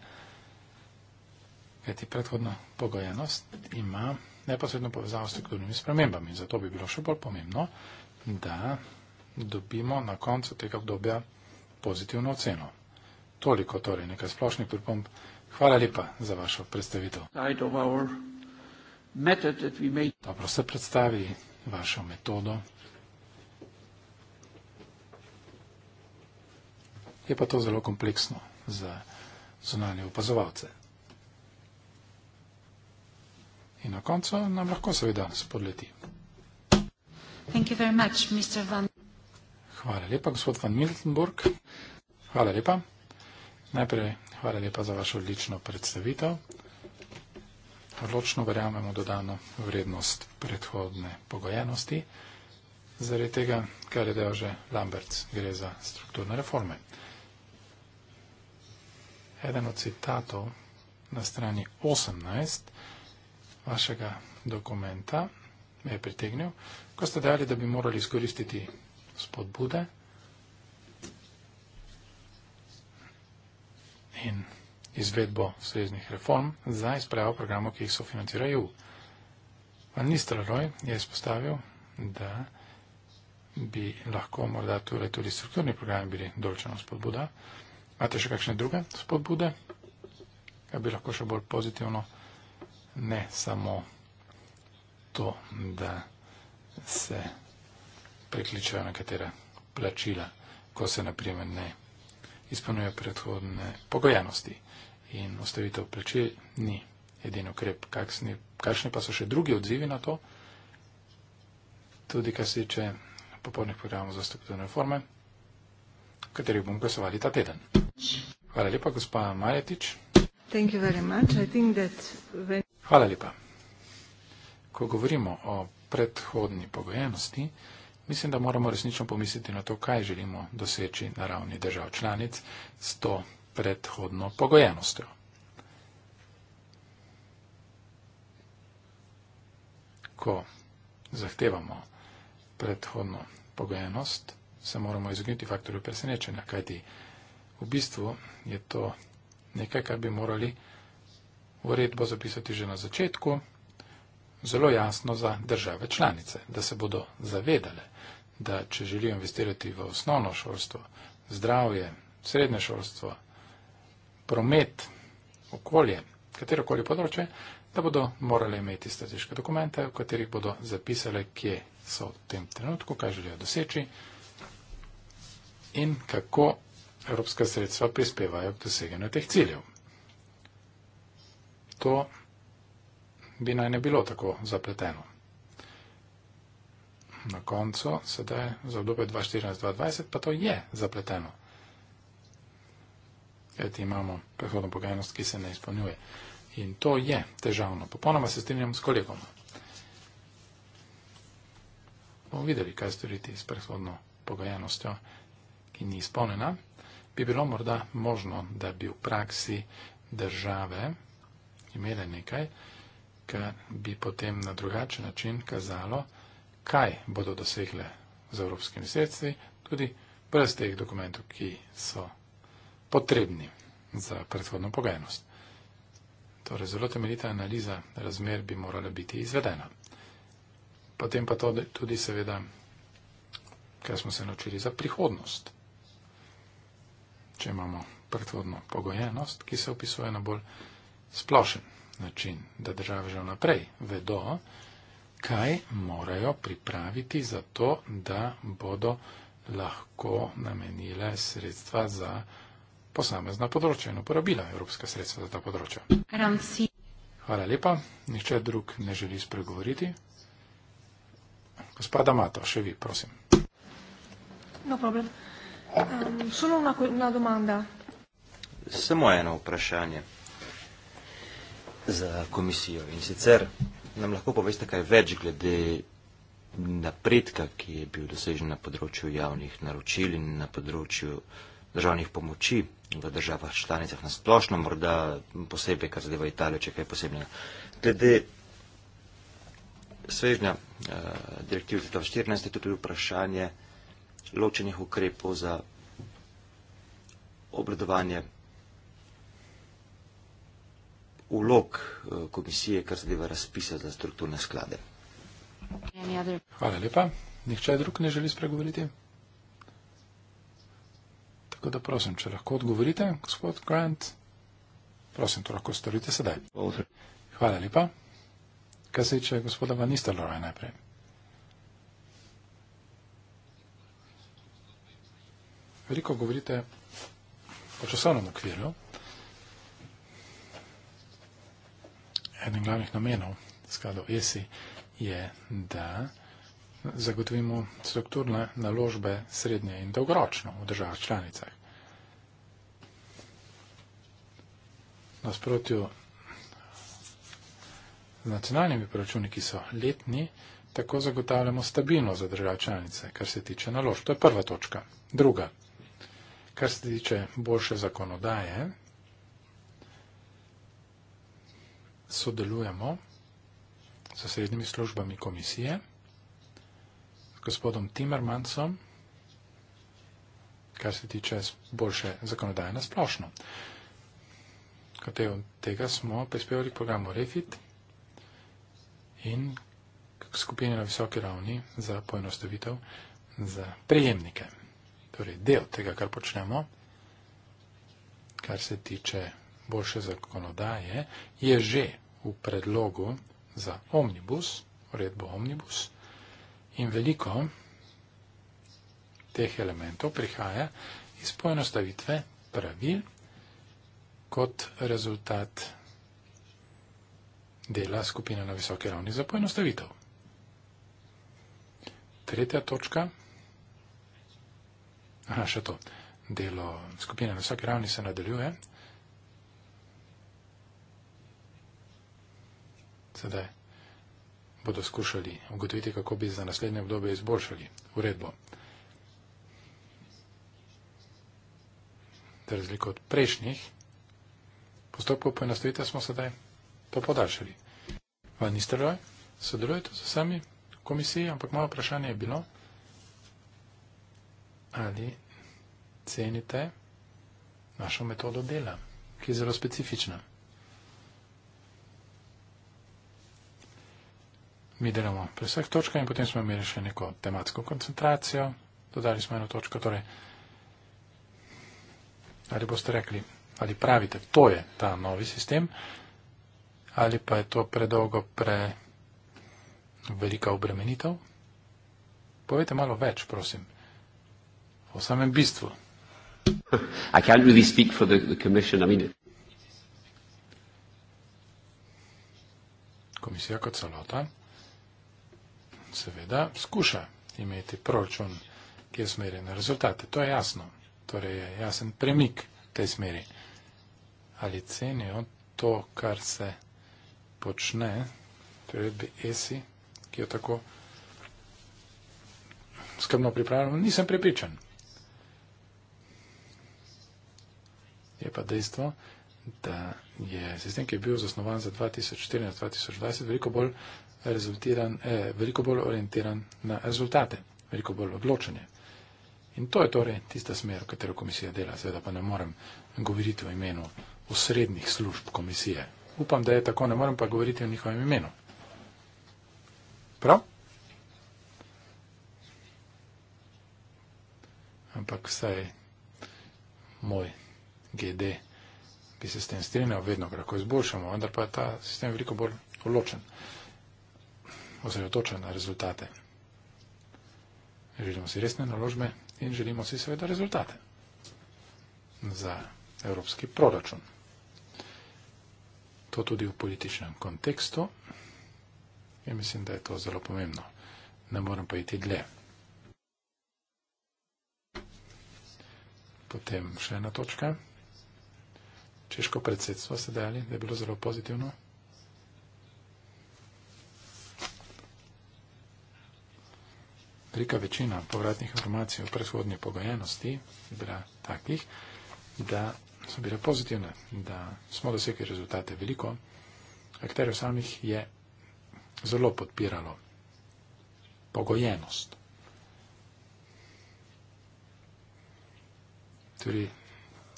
Kajti predhodna pogojenost ima neposredno povezavo s strukturnimi spremembami. Zato bi bilo še bolj pomembno, da dobimo na koncu tega obdobja pozitivno oceno. Toliko torej nekaj splošnih pripomb. Tukaj Hvala lepa za vašo predstavitev. Dobro se predstavi vašo metodo. Je pa to zelo kompleksno za zunanje opazovalce. In na koncu nam lahko seveda spodleti. Thank you very much, Mr. Van... Hvala lepa, gospod Van Miltenburg. Hvala lepa. Najprej hvala lepa za vašo odlično predstavitev. Odločno verjamemo dodano vrednost predhodne pogojenosti, zaradi tega, kar je del že Lamberts, gre za strukturne reforme. Eden od citatov na strani 18 vašega dokumenta me je pritegnil, ko ste dali, da bi morali izkoristiti spodbude, in izvedbo sveznih reform za izpravo programov, ki jih so financirajo. E Minister Roj je izpostavil, da bi lahko morda torej tudi strukturni programi bili določena spodbuda. Imate še kakšne druge spodbude, ki bi lahko še bolj pozitivno, ne samo to, da se prekličajo nekatera plačila, ko se naprimer ne izpolnjuje predhodne pogojenosti. In ustavitev plačil ni edini ukrep. Kakšni, kakšni pa so še drugi odzivi na to? Tudi, kar se tiče popolnih programov za strukturne reforme, o katerih bomo glasovali ta teden. Hvala lepa, gospa Majetič. When... Hvala lepa. Ko govorimo o predhodni pogojenosti, Mislim, da moramo resnično pomisliti na to, kaj želimo doseči na ravni držav članic s to predhodno pogojenostjo. Ko zahtevamo predhodno pogojenost, se moramo izogniti faktorju presenečenja, kajti v bistvu je to nekaj, kar bi morali uredbo zapisati že na začetku zelo jasno za države članice, da se bodo zavedale, da če želijo investirati v osnovno šolstvo, zdravje, srednje šolstvo, promet, okolje, katerokoli področje, da bodo morali imeti strateške dokumente, v katerih bodo zapisali, kje so v tem trenutku, kaj želijo doseči in kako evropska sredstva prispevajo k doseganju teh ciljev. To bi naj ne bilo tako zapleteno. Na koncu, sedaj za obdobje 2014-2020, pa to je zapleteno. Ker ti imamo prehodno pogajnost, ki se ne izpolnjuje. In to je težavno. Popolnoma se strinjam s kolegom. Bomo videli, kaj storiti s prehodno pogajenostjo, ki ni izpolnjena. Bi bilo morda možno, da bi v praksi države imele nekaj, ki bi potem na drugačen način kazalo, kaj bodo dosegle z evropskimi sredstvi, tudi brez teh dokumentov, ki so potrebni za predhodno pogajnost. Torej, zelo temeljita analiza razmer bi morala biti izvedena. Potem pa to tudi seveda, kaj smo se naučili za prihodnost. Če imamo predhodno pogojenost, ki se opisuje na bolj splošen način, da države že vnaprej vedo, kaj morajo pripraviti za to, da bodo lahko namenile sredstva za posamezna področja in uporabila evropska sredstva za ta področja. Hvala lepa. Nihče drug ne želi spregovoriti. Gospoda Mato, še vi, prosim. No problem. Um, ehm, Šolovna domanda. Samo eno vprašanje za komisijo in sicer nam lahko poveste kaj več glede napredka, ki je bil dosežen na področju javnih naročil in na področju državnih pomoči v državah članicah na splošno, morda posebej, kar zadeva Italijo, če kaj posebnega. Glede svežnja eh, direktiv 2014 je tudi vprašanje ločenih ukrepov za obledovanje ulog eh, komisije, kar zadeva razpisa za strukturne sklade. Hvala lepa. Nihče drug ne želi spregovoriti? Tako da prosim, če lahko odgovorite, gospod Grant, prosim, to lahko storite sedaj. Hvala lepa. Kaj se tiče gospoda Van Nistelrooja najprej? Veliko govorite o časovnem okviru. eden glavnih namenov skladov ESI je, da zagotovimo strukturne naložbe srednje in dolgoročno v državah članicah. Nasprotju z nacionalnimi proračuni, ki so letni, tako zagotavljamo stabilnost za države članice, kar se tiče naložb. To je prva točka. Druga, kar se tiče boljše zakonodaje, sodelujemo s srednjimi službami komisije, s gospodom Timmermansom, kar se tiče boljše zakonodaje na splošno. Kotev tega smo prispevali k programu REFIT in k skupini na visoki ravni za poenostavitev za prejemnike. Torej del tega, kar počnemo, kar se tiče boljše zakonodaje, je že v predlogu za omnibus, uredbo omnibus, in veliko teh elementov prihaja iz poenostavitve pravil kot rezultat dela skupine na visoke ravni za poenostavitev. Tretja točka, aha, še to, delo skupine na visoke ravni se nadaljuje, sedaj bodo skušali ugotoviti, kako bi za naslednje obdobje izboljšali uredbo. Za razliko od prejšnjih postopkov poenostavitev smo sedaj to podaljšali. Van Nistelrooy, sodelujete z vsemi komisiji, ampak moje vprašanje je bilo, ali cenite našo metodo dela, ki je zelo specifična. mi delamo pri vseh točkah in potem smo imeli še neko tematsko koncentracijo, dodali smo eno točko, torej ali boste rekli, ali pravite, to je ta novi sistem, ali pa je to predolgo, pre velika obremenitev. Povejte malo več, prosim, o samem bistvu. Komisija kot celota seveda skuša imeti proračun, ki je smerjen na rezultate. To je jasno. Torej je jasen premik te smeri. Ali cenijo to, kar se počne predbi ESI, ki jo tako skrbno pripravljamo, nisem prepričan. Je pa dejstvo, da je sistem, ki je bil zasnovan za 2014-2020, veliko bolj rezultiran, eh, veliko bolj orientiran na rezultate, veliko bolj odločanje. In to je torej tista smer, v katero komisija dela. Seveda pa ne morem govoriti v imenu osrednjih služb komisije. Upam, da je tako, ne morem pa govoriti v njihovem imenu. Prav? Ampak vsaj moj GD bi se s tem strinjal, vedno lahko izboljšamo, vendar pa je ta sistem veliko bolj odločen osredotoča na rezultate. Želimo si resne naložbe in želimo si seveda rezultate za evropski proračun. To tudi v političnem kontekstu in ja, mislim, da je to zelo pomembno. Ne morem pa iti dlje. Potem še ena točka. Češko predsedstvo ste dali, da je bilo zelo pozitivno. velika večina povratnih informacij o predhodni pogojenosti je bila takih, da so bile pozitivne, da smo dosegli rezultate veliko, akterjev samih je zelo podpiralo pogojenost. Tudi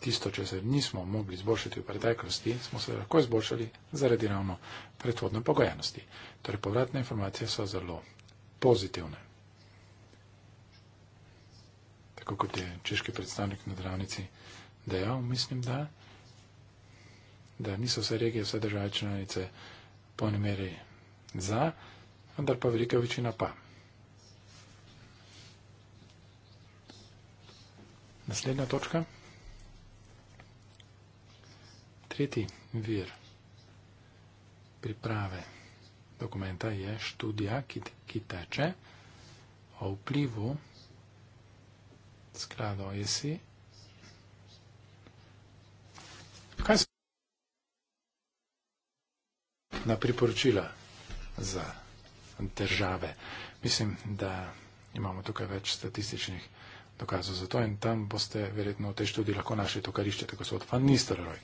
tisto, če se nismo mogli izboljšati v preteklosti, smo se lahko izboljšali zaradi ravno predhodne pogojenosti. Torej, povratne informacije so zelo pozitivne tako kot je češki predstavnik na dravnici dejal, mislim, da, da niso vse regije, vse države članice po eni meri za, vendar pa velika večina pa. Naslednja točka. Tretji vir priprave dokumenta je študija, ki teče o vplivu zgrado, jesi? Kaj so na priporočila za države? Mislim, da imamo tukaj več statističnih dokazov za to in tam boste verjetno v tej študiji lahko našli to karišče, tako so od Van Nistelrooy.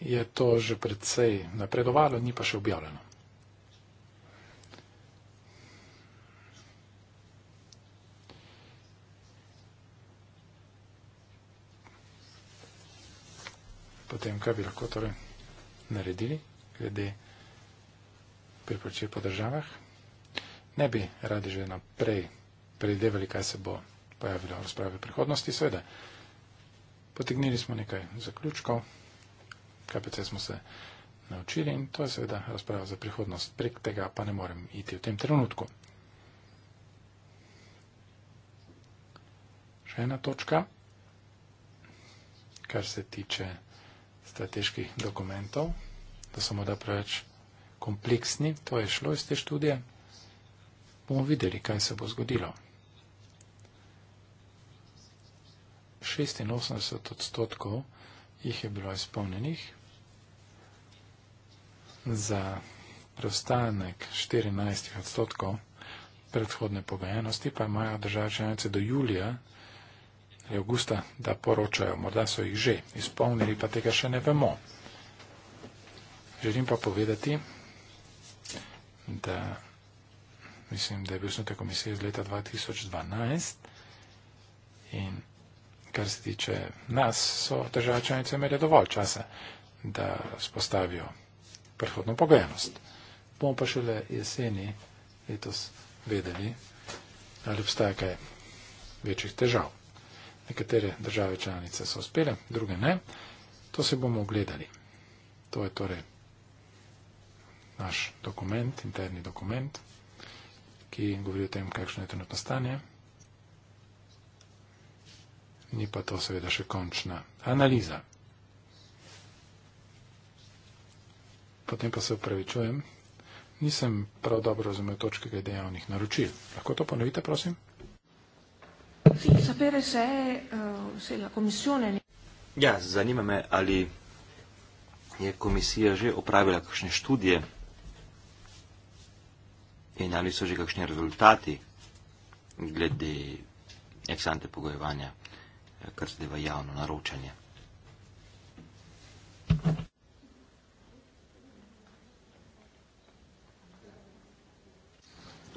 Je to že predvsej napredovalo, ni pa še objavljeno. potem kaj bi lahko torej naredili, glede priporočil po državah. Ne bi radi že naprej predvidevali, kaj se bo pojavilo v razpravi prihodnosti. Seveda, potegnili smo nekaj zaključkov, KPC smo se naučili in to je seveda razprava za prihodnost. Prek tega pa ne morem iti v tem trenutku. Še ena točka, kar se tiče strateških dokumentov, da so morda preveč kompleksni, to je šlo iz te študije, bomo videli, kaj se bo zgodilo. 86 odstotkov jih je bilo izpolnjenih, za preostanek 14 odstotkov predhodne pogajenosti pa imajo države članice do julija in avgusta, da poročajo. Morda so jih že izpolnili, pa tega še ne vemo. Želim pa povedati, da mislim, da je bil snute komisije iz leta 2012 in kar se tiče nas, so države članice imeli dovolj časa, da spostavijo prehodno pogojenost. Bomo pa šele jeseni letos vedeli, ali obstaja kaj večjih težav. Nekatere države članice so uspele, druge ne. To se bomo ogledali. To je torej naš dokument, interni dokument, ki govori o tem, kakšno je trenutno stanje. Ni pa to seveda še končna analiza. Potem pa se upravičujem. Nisem prav dobro razumel točke glede javnih naročil. Lahko to ponovite, prosim? Sì, sapere se, uh, se la commissione. Ja, zanima me, ali je komisija že opravila kakšne študije in ali so že kakšni rezultati glede eksante pogojevanja, eh, kar zadeva javno naročanje.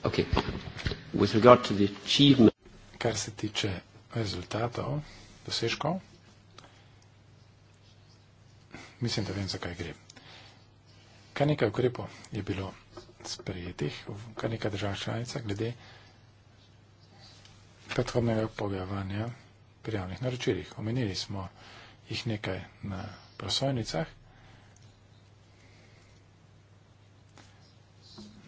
Okay. With regard to the achievement kar se tiče rezultatov, dosežkov. Mislim, da vem, zakaj gre. Kar nekaj ukrepov je bilo sprejetih, kar nekaj držav članica, glede predhodnega pogajovanja pri javnih naročilih. Omenili smo jih nekaj na prosojnicah.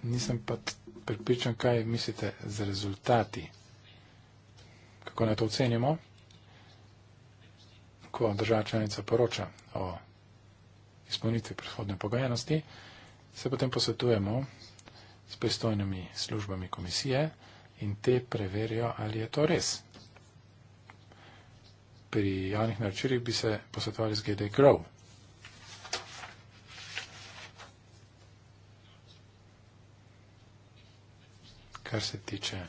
Nisem pa pripričan, kaj mislite z rezultati kako naj to ocenimo, ko država članica poroča o izpolnitvi prihodne pogojenosti, se potem posvetujemo s pristojnimi službami komisije in te preverijo, ali je to res. Pri javnih naročilih bi se posvetovali z GD Grow. Kar se tiče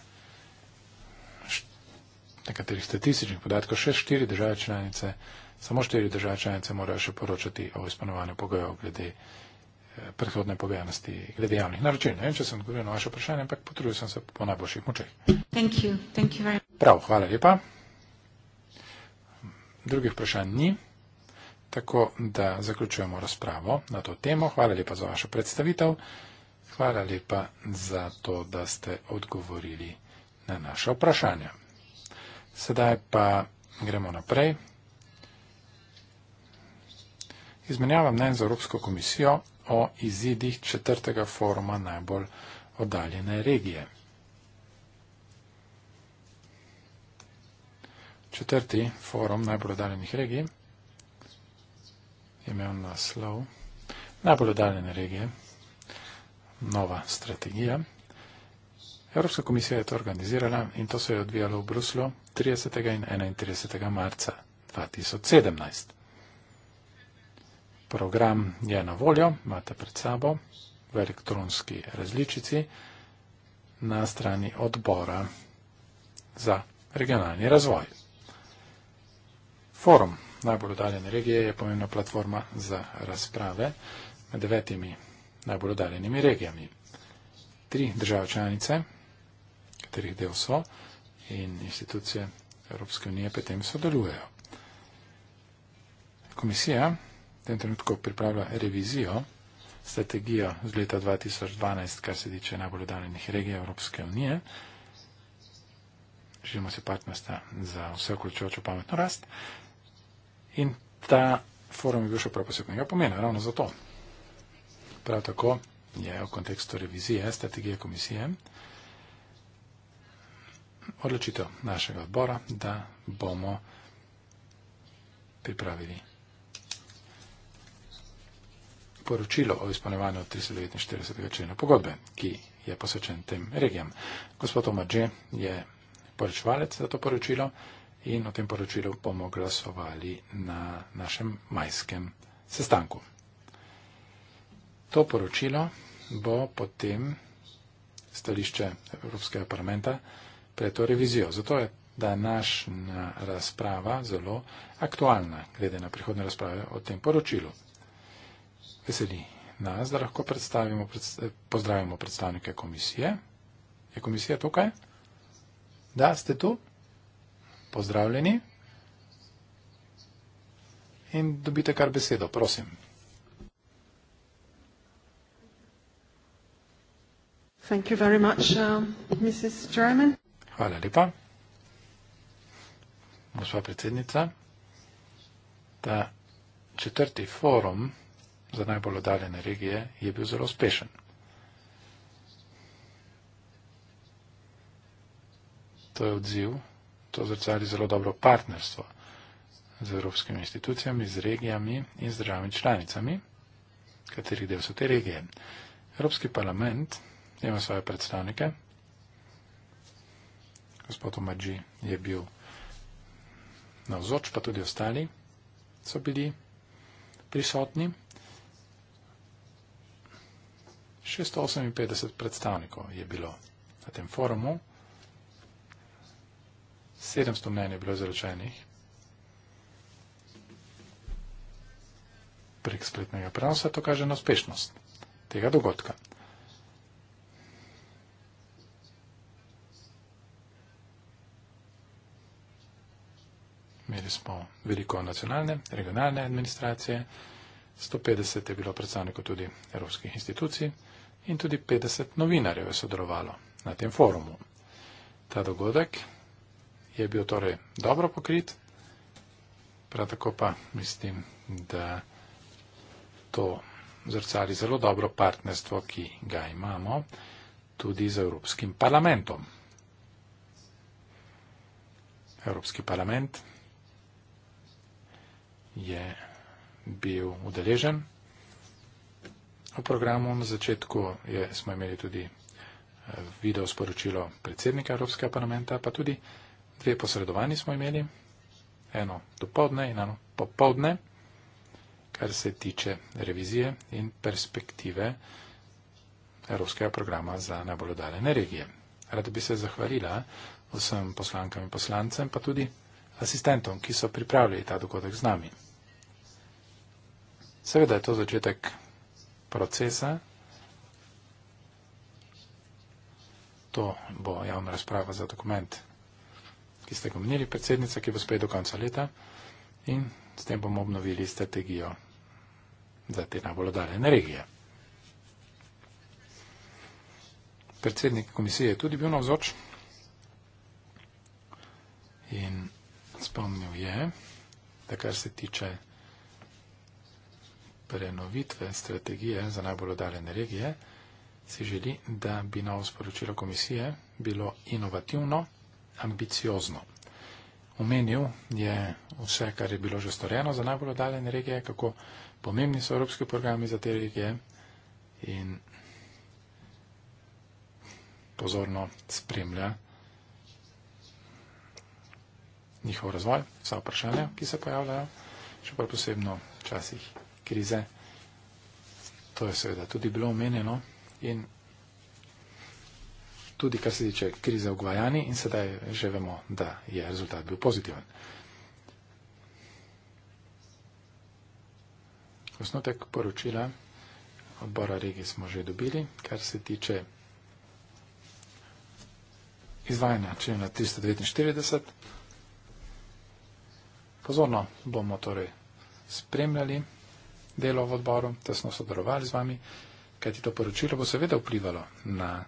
nekaterih statističnih podatkov še štiri države članice, samo štiri države članice morajo še poročati o izpolnjevanju pogojev glede eh, predhodne pogajanosti, glede javnih naročil. Ne vem, če sem odgovoril na vaše vprašanje, ampak potrudil sem se po najboljših močeh. Thank you. Thank you very... Prav, hvala lepa. Drugih vprašanj ni, tako da zaključujemo razpravo na to temo. Hvala lepa za vašo predstavitev. Hvala lepa za to, da ste odgovorili na naše vprašanje. Sedaj pa gremo naprej. Izmenjava mnen z Evropsko komisijo o izidih četrtega foruma najbolj oddaljene regije. Četrti forum najbolj oddaljenih regij je imel naslov Najbolj oddaljene regije, nova strategija. Evropska komisija je to organizirala in to se je odvijalo v Bruslu 30. in 31. marca 2017. Program je na voljo, imate pred sabo v elektronski različici na strani odbora za regionalni razvoj. Forum najbolj udaljene regije je pomembna platforma za razprave med devetimi najbolj udaljenimi regijami. Tri države članice, katerih del so, in institucije Evropske unije pri tem sodelujejo. Komisija v tem trenutku pripravlja revizijo, strategijo z leta 2012, kar se tiče najbolj oddaljenih regij Evropske unije. Želimo se partnerstva za vse vključujočo pametno rast. In ta forum je bil še prav posebnega pomena, ravno zato. Prav tako je v kontekstu revizije strategije komisije odločitev našega odbora, da bomo pripravili poročilo o izpolnjevanju 349. člena pogodbe, ki je posvečen tem regijam. Gospod Omađe je poročevalec za to poročilo in o tem poročilu bomo glasovali na našem majskem sestanku. To poročilo bo potem stališče Evropskega parlamenta, pred to revizijo. Zato je današnja razprava zelo aktualna, glede na prihodne razprave o tem poročilu. Veseli nas, da lahko predstavimo, pozdravimo predstavnike komisije. Je komisija tukaj? Da, ste tu? Pozdravljeni. In dobite kar besedo, prosim. Thank you very much, um, Mrs. German. Hvala lepa. Gospa predsednica, ta četrti forum za najbolj oddaljene regije je bil zelo uspešen. To je odziv, to zrcali zelo dobro partnerstvo z evropskimi institucijami, z regijami in z državami članicami, katerih del so te regije. Evropski parlament ima svoje predstavnike gospod Omađi je bil navzoč, pa tudi ostali so bili prisotni. 658 predstavnikov je bilo na tem forumu, 700 mnen je bilo izrečenih prek spletnega prenosa, to kaže na uspešnost tega dogodka. imeli smo veliko nacionalne, regionalne administracije, 150 je bilo predstavnikov tudi evropskih institucij in tudi 50 novinarjev je sodelovalo na tem forumu. Ta dogodek je bil torej dobro pokrit, prav tako pa mislim, da to zrcali zelo dobro partnerstvo, ki ga imamo tudi z Evropskim parlamentom. Evropski parlament je bil udeležen. V programu na začetku je, smo imeli tudi eh, video sporočilo predsednika Evropskega parlamenta, pa tudi dve posredovanji smo imeli, eno dopoldne in eno popoldne, kar se tiče revizije in perspektive Evropskega programa za najbolj oddaljene regije. Rada bi se zahvalila vsem poslankam in poslancem, pa tudi asistentom, ki so pripravili ta dogodek z nami. Seveda je to začetek procesa. To bo javna razprava za dokument, ki ste ga menili, predsednica, ki bo spet do konca leta. In s tem bomo obnovili strategijo za te najbolj oddaljene regije. Predsednik komisije je tudi bil na vzoč in spomnil je, da kar se tiče prenovitve strategije za najbolj odaljene regije, si želi, da bi novo sporočilo komisije bilo inovativno, ambiciozno. Omenil je vse, kar je bilo že storjeno za najbolj odaljene regije, kako pomembni so evropski programi za te regije in pozorno spremlja njihov razvoj, vsa vprašanja, ki se pojavljajo, še pa posebno včasih krize. To je seveda tudi bilo omenjeno in tudi kar se tiče krize v Gvajani in sedaj že vemo, da je rezultat bil pozitiven. Osnotek poročila odbora regije smo že dobili, kar se tiče izvajanja člena 349. Pozorno bomo torej spremljali delo v odboru, tesno sodelovali z vami, kajti to poročilo bo seveda vplivalo na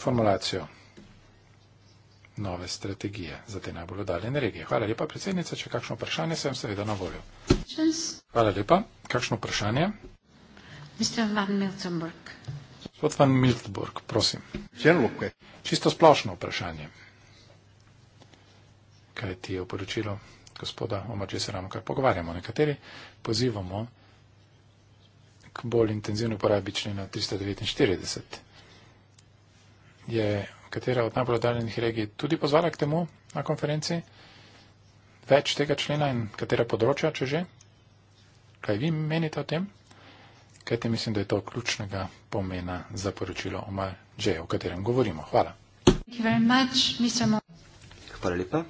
formulacijo nove strategije za te najbolj oddaljene regije. Hvala lepa, predsednica. Če kakšno vprašanje, sem seveda na voljo. Hvala lepa. Kakšno vprašanje? Gospod Van Miltenburg, prosim. Čisto splošno vprašanje. Kaj ti je v poročilu? gospoda Omače Seramka pogovarjamo. Nekateri pozivamo k bolj intenzivni uporabi člena 349. Je katera od najbolj oddaljenih regij tudi pozvala k temu na konferenci več tega člena in katera področja, če že? Kaj vi menite o tem? Kaj ti mislim, da je to ključnega pomena za poročilo Omar Džeja, o katerem govorimo? Hvala. Hvala lepa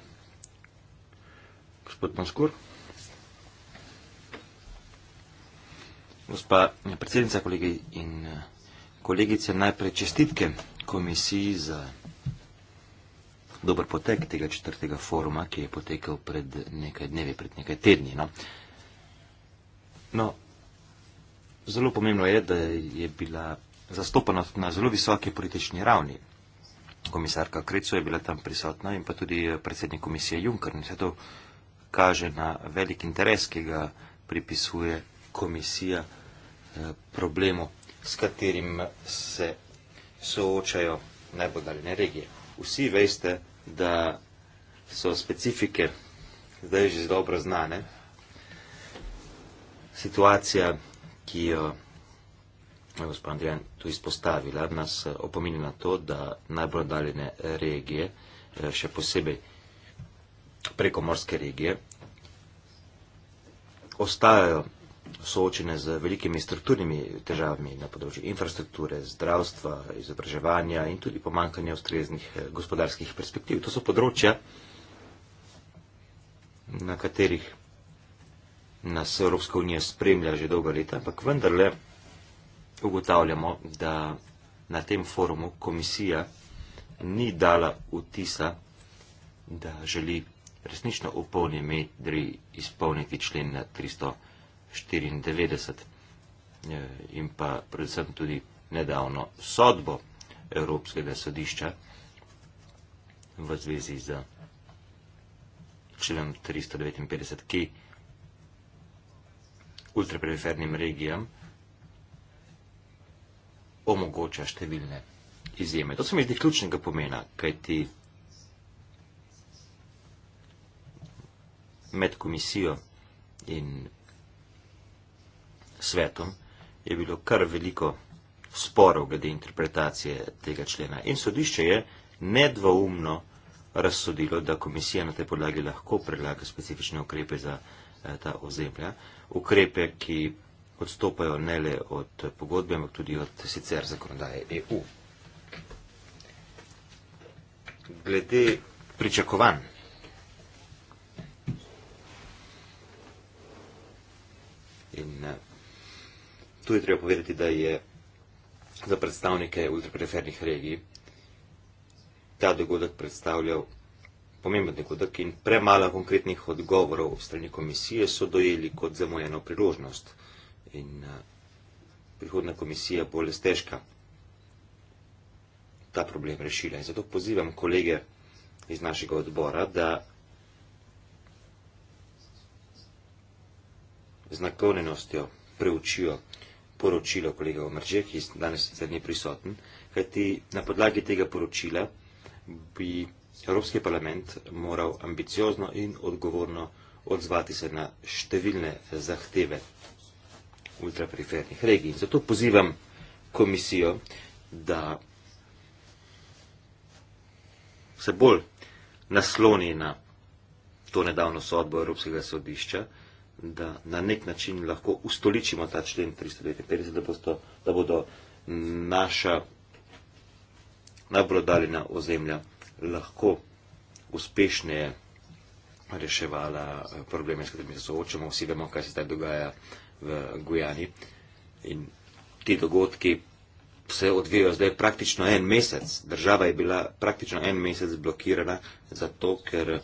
gospod Manskur. Gospa predsednica, kolegi in eh, kolegice, najprej čestitke komisiji za dober potek tega četrtega foruma, ki je potekal pred nekaj dnevi, pred nekaj tedni. No? No, zelo pomembno je, da je bila zastopana na zelo visoki politični ravni. Komisarka Krecu je bila tam prisotna in pa tudi eh, predsednik komisije Juncker. In vse to kaže na velik interes, ki ga pripisuje komisija eh, problemu, s katerim se soočajo najbogaljene regije. Vsi veste, da so specifike zdaj že dobro znane. Situacija, ki jo je gospod Andrijan tu izpostavila, nas eh, opominja na to, da najbolj daljene regije, eh, še posebej prekomorske regije ostajajo soočene z velikimi strukturnimi težavami na področju infrastrukture, zdravstva, izobraževanja in tudi pomankanja ustreznih eh, gospodarskih perspektiv. To so področja, na katerih nas Evropska unija spremlja že dolga leta, ampak vendarle ugotavljamo, da na tem forumu komisija ni dala vtisa, da želi resnično v polni medri izpolniti člen 394 eh, in pa predvsem tudi nedavno sodbo Evropskega sodišča v zvezi z členom 359, ki ultrapreferernim regijam omogoča številne izjeme. To se mi zdi ključnega pomena, kajti med komisijo in svetom je bilo kar veliko sporov glede interpretacije tega člena. In sodišče je nedvoumno razsodilo, da komisija na tej podlagi lahko predlaga specifične ukrepe za eh, ta ozemlja. Ukrepe, ki odstopajo ne le od pogodbe, ampak tudi od sicer zakonodaje EU. Glede pričakovanj In eh, tu je treba povedati, da je za predstavnike ultrapreferenih regij ta dogodek predstavljal pomemben dogodek in premalo konkretnih odgovorov v strani komisije so dojeli kot zamojeno priložnost. In eh, prihodna komisija bo le stežka ta problem rešila. In zato pozivam kolege iz našega odbora, da z naklonjenostjo preučijo poročilo kolega Omrže, ki danes sicer ni prisoten, kajti na podlagi tega poročila bi Evropski parlament moral ambiciozno in odgovorno odzvati se na številne zahteve ultraperifernih regij. Zato pozivam komisijo, da se bolj nasloni na to nedavno sodbo Evropskega sodišča, da na nek način lahko ustoličimo ta člen 359, da, bosto, da bodo naša najbolj oddaljena ozemlja lahko uspešneje reševala eh, probleme, s katerimi se soočamo. Vsi vemo, kaj se zdaj dogaja v Gujani. In ti dogodki se odvijajo zdaj praktično en mesec. Država je bila praktično en mesec blokirana zato, ker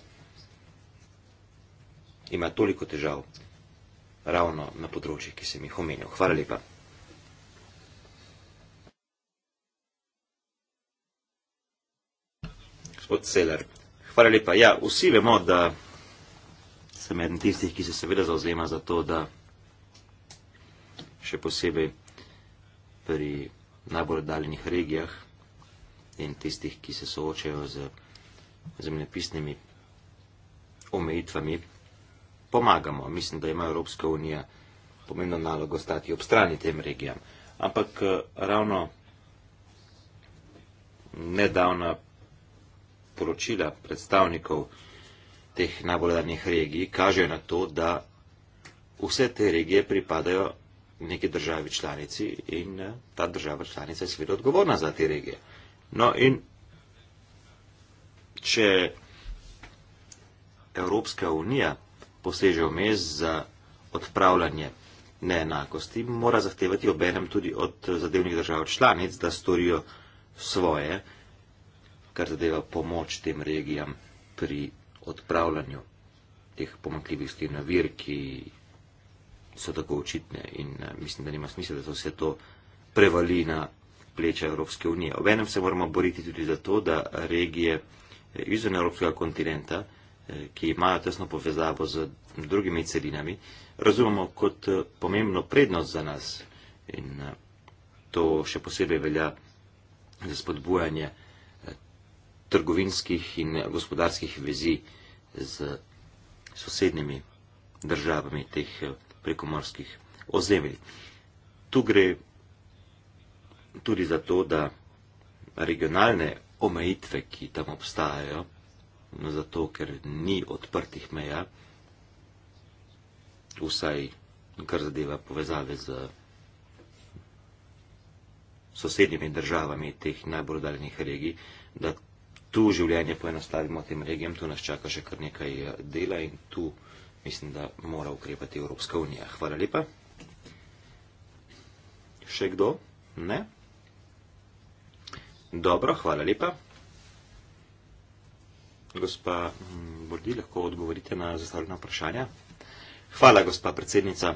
ima toliko težav ravno na področjih, ki sem jih omenil. Hvala lepa. Gospod Seler, hvala lepa. Ja, vsi vemo, da sem eden tistih, ki se seveda zauzema za to, da še posebej pri najbolj oddaljenih regijah in tistih, ki se soočajo z zemljepisnimi omejitvami, pomagamo. Mislim, da ima Evropska unija pomembno nalogo stati ob strani tem regijam. Ampak eh, ravno nedavna poročila predstavnikov teh najboljdanjih regij kažejo na to, da vse te regije pripadajo neki državi članici in eh, ta država članica je seveda odgovorna za te regije. No in če Evropska unija poseže vmes za odpravljanje neenakosti, mora zahtevati obenem tudi od zadevnih držav članic, da storijo svoje, kar zadeva pomoč tem regijam pri odpravljanju teh pomankljivih stil na vir, ki so tako očitne in eh, mislim, da nima smisla, da se vse to prevali na pleče Evropske unije. Obenem se moramo boriti tudi za to, da regije eh, izven Evropskega kontinenta ki imajo tesno povezavo z drugimi celinami, razumemo kot eh, pomembno prednost za nas. In eh, to še posebej velja za spodbujanje eh, trgovinskih in gospodarskih vezi z sosednjimi državami teh prekomorskih ozemelj. Tu gre tudi za to, da regionalne omejitve, ki tam obstajajo, zato ker ni odprtih meja, vsaj kar zadeva povezave z sosednjimi državami teh najbolj daljnih regij, da tu življenje poenostavimo tem regijam, tu nas čaka še kar nekaj eh, dela in tu mislim, da mora ukrepati Evropska unija. Hvala lepa. Še kdo? Ne? Dobro, hvala lepa. Gospa Bordi, lahko odgovorite na zastavljena vprašanja. Hvala, gospa predsednica.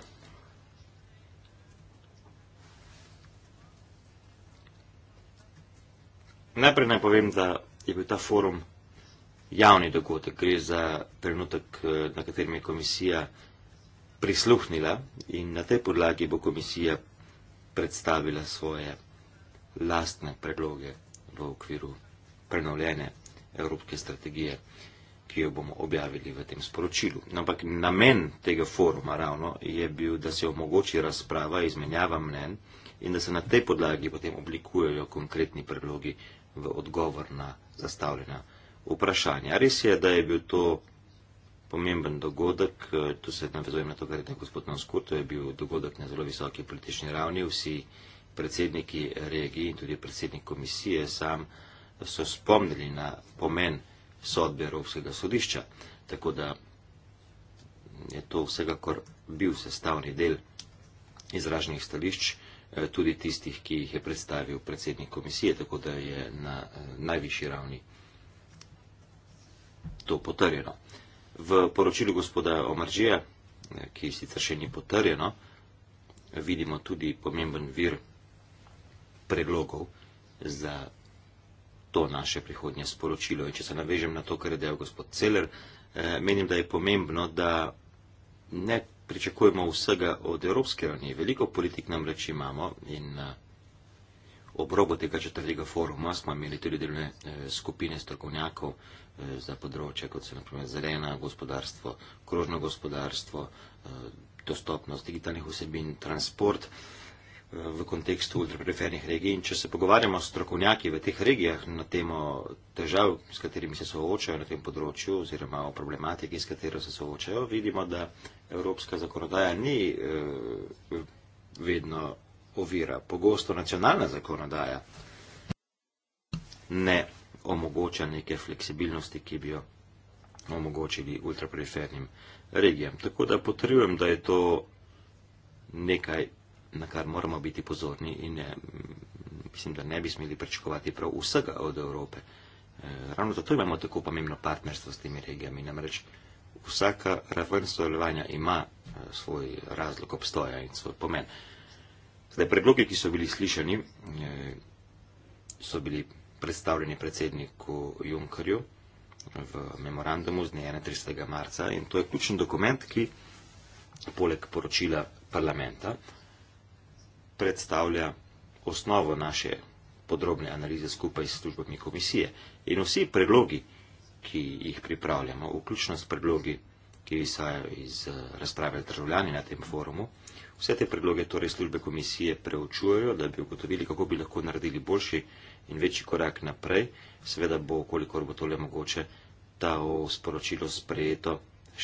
Najprej naj povem, da je bil ta forum javni dogodek. Gre za trenutek, na katerem je komisija prisluhnila in na tej podlagi bo komisija predstavila svoje lastne predloge v okviru prenovljene evropske strategije, ki jo bomo objavili v tem sporočilu. Ampak namen tega foruma ravno je bil, da se omogoči razprava, izmenjava mnen in da se na tej podlagi potem oblikujejo konkretni predlogi v odgovor na zastavljena vprašanja. Res je, da je bil to pomemben dogodek, tu se navezujem na to, kar je rekel gospod Nonskur, to je bil dogodek na zelo visoki politični ravni, vsi predsedniki regij in tudi predsednik komisije sam so spomnili na pomen sodbe Evropskega sodišča, tako da je to vsekakor bil sestavni del izraženih stališč, eh, tudi tistih, ki jih je predstavil predsednik komisije, tako da je na eh, najvišji ravni to potrjeno. V poročilu gospoda Omaržija, eh, ki sicer še ni potrjeno, vidimo tudi pomemben vir predlogov za to naše prihodnje sporočilo. In če se navežem na to, kar je dejal gospod Celer, eh, menim, da je pomembno, da ne pričakujemo vsega od Evropske unije. Veliko politik namreč imamo in eh, ob robu tega četrtega foruma smo imeli tudi delne eh, skupine strokovnjakov za področje, kot so naprimer zelena gospodarstvo, krožno gospodarstvo, dostopnost digitalnih vsebin, transport v kontekstu ultrapreferenih regij. In če se pogovarjamo s strokovnjaki v teh regijah na temo težav, s katerimi se soočajo na tem področju, oziroma o problematiki, s katero se soočajo, vidimo, da evropska zakonodaja ni eh, vedno ovira. Pogosto nacionalna zakonodaja ne omogoča neke fleksibilnosti, ki bi jo omogočili ultrapreferenim regijam. Tako da potrjujem, da je to nekaj na kar moramo biti pozorni in ne, eh, mislim, da ne bi smeli pričakovati prav vsega od Evrope. Eh, ravno zato imamo tako pomembno partnerstvo s temi regijami, namreč vsaka raven sodelovanja ima eh, svoj razlog obstoja in svoj pomen. Zdaj, predlogi, ki so bili slišani, so bili predstavljeni predsedniku Junkerju v memorandumu z dne 31. marca in to je ključen dokument, ki poleg poročila parlamenta predstavlja osnovo naše podrobne analize skupaj s službami komisije. In vsi predlogi, ki jih pripravljamo, vključno s predlogi, ki izhajajo iz eh, razprave državljani na tem forumu, vse te predloge torej službe komisije preučujejo, da bi ugotovili, kako bi lahko naredili boljši in večji korak naprej. Seveda bo, kolikor bo tole mogoče, ta sporočilo sprejeto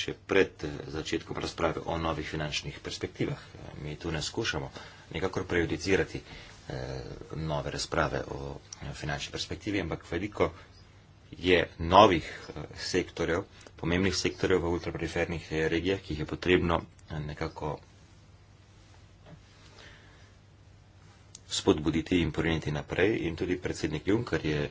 še pred eh, začetkom razprave o novih finančnih perspektivah. Eh, mi tu ne skušamo nekako prejudicirati eh, nove razprave o eh, finančni perspektivi, ampak veliko je novih eh, sektorjev, pomembnih sektorjev v ultrapredifernih regijah, ki jih je potrebno eh, nekako spodbuditi in poriniti naprej. In tudi predsednik Juncker je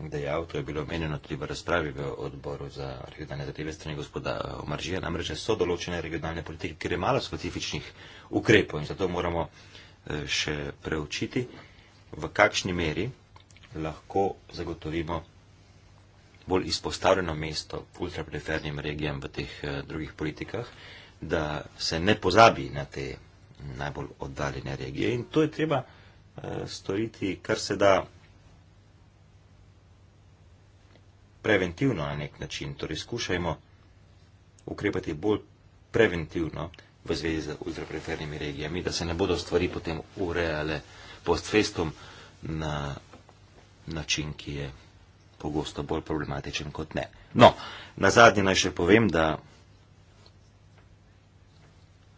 dejal, to je bilo omenjeno tudi v razpravi v odboru za regionalne zadeve strani gospoda Omaržija, namreč so določene regionalne politike, ker je malo specifičnih ukrepov in zato moramo eh, še preučiti, v kakšni meri lahko zagotovimo bolj izpostavljeno mesto ultrapreferjem regijam v teh eh, drugih politikah, da se ne pozabi na te najbolj oddaljene regije in to je treba eh, storiti, kar se da preventivno na nek način, torej skušajmo ukrepati bolj preventivno v zvezi z ultrapreternimi regijami, da se ne bodo stvari potem urejale post festum na način, ki je pogosto bolj problematičen kot ne. No, na zadnje naj še povem, da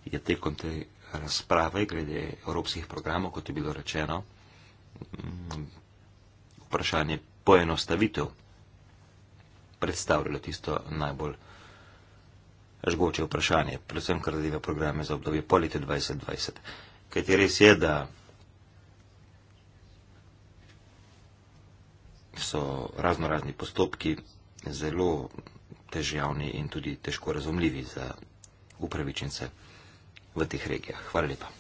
je tekom te razprave glede evropskih programov, kot je bilo rečeno, mm, vprašanje poenostavitev predstavljalo tisto najbolj žgoče vprašanje, predvsem kar zadeva programe za obdobje polite 2020. Kaj ti res je, da so razno razni postopki zelo težavni in tudi težko razumljivi za upravičence v teh regijah. Hvala lepa.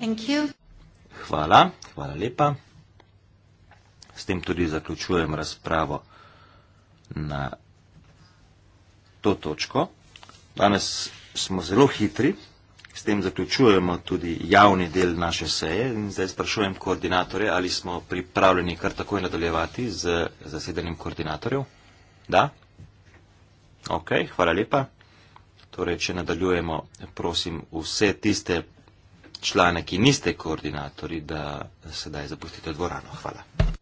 Thank you. Hvala, hvala lepa. S tem tudi zaključujem razpravo na to točko. Danes smo zelo hitri, s tem zaključujemo tudi javni del naše seje in zdaj sprašujem koordinatore, ali smo pripravljeni kar takoj nadaljevati z zasedanjem koordinatorjev. Da? Ok, hvala lepa. Torej, če nadaljujemo, prosim vse tiste člane, ki niste koordinatori, da sedaj zapustite dvorano. Hvala.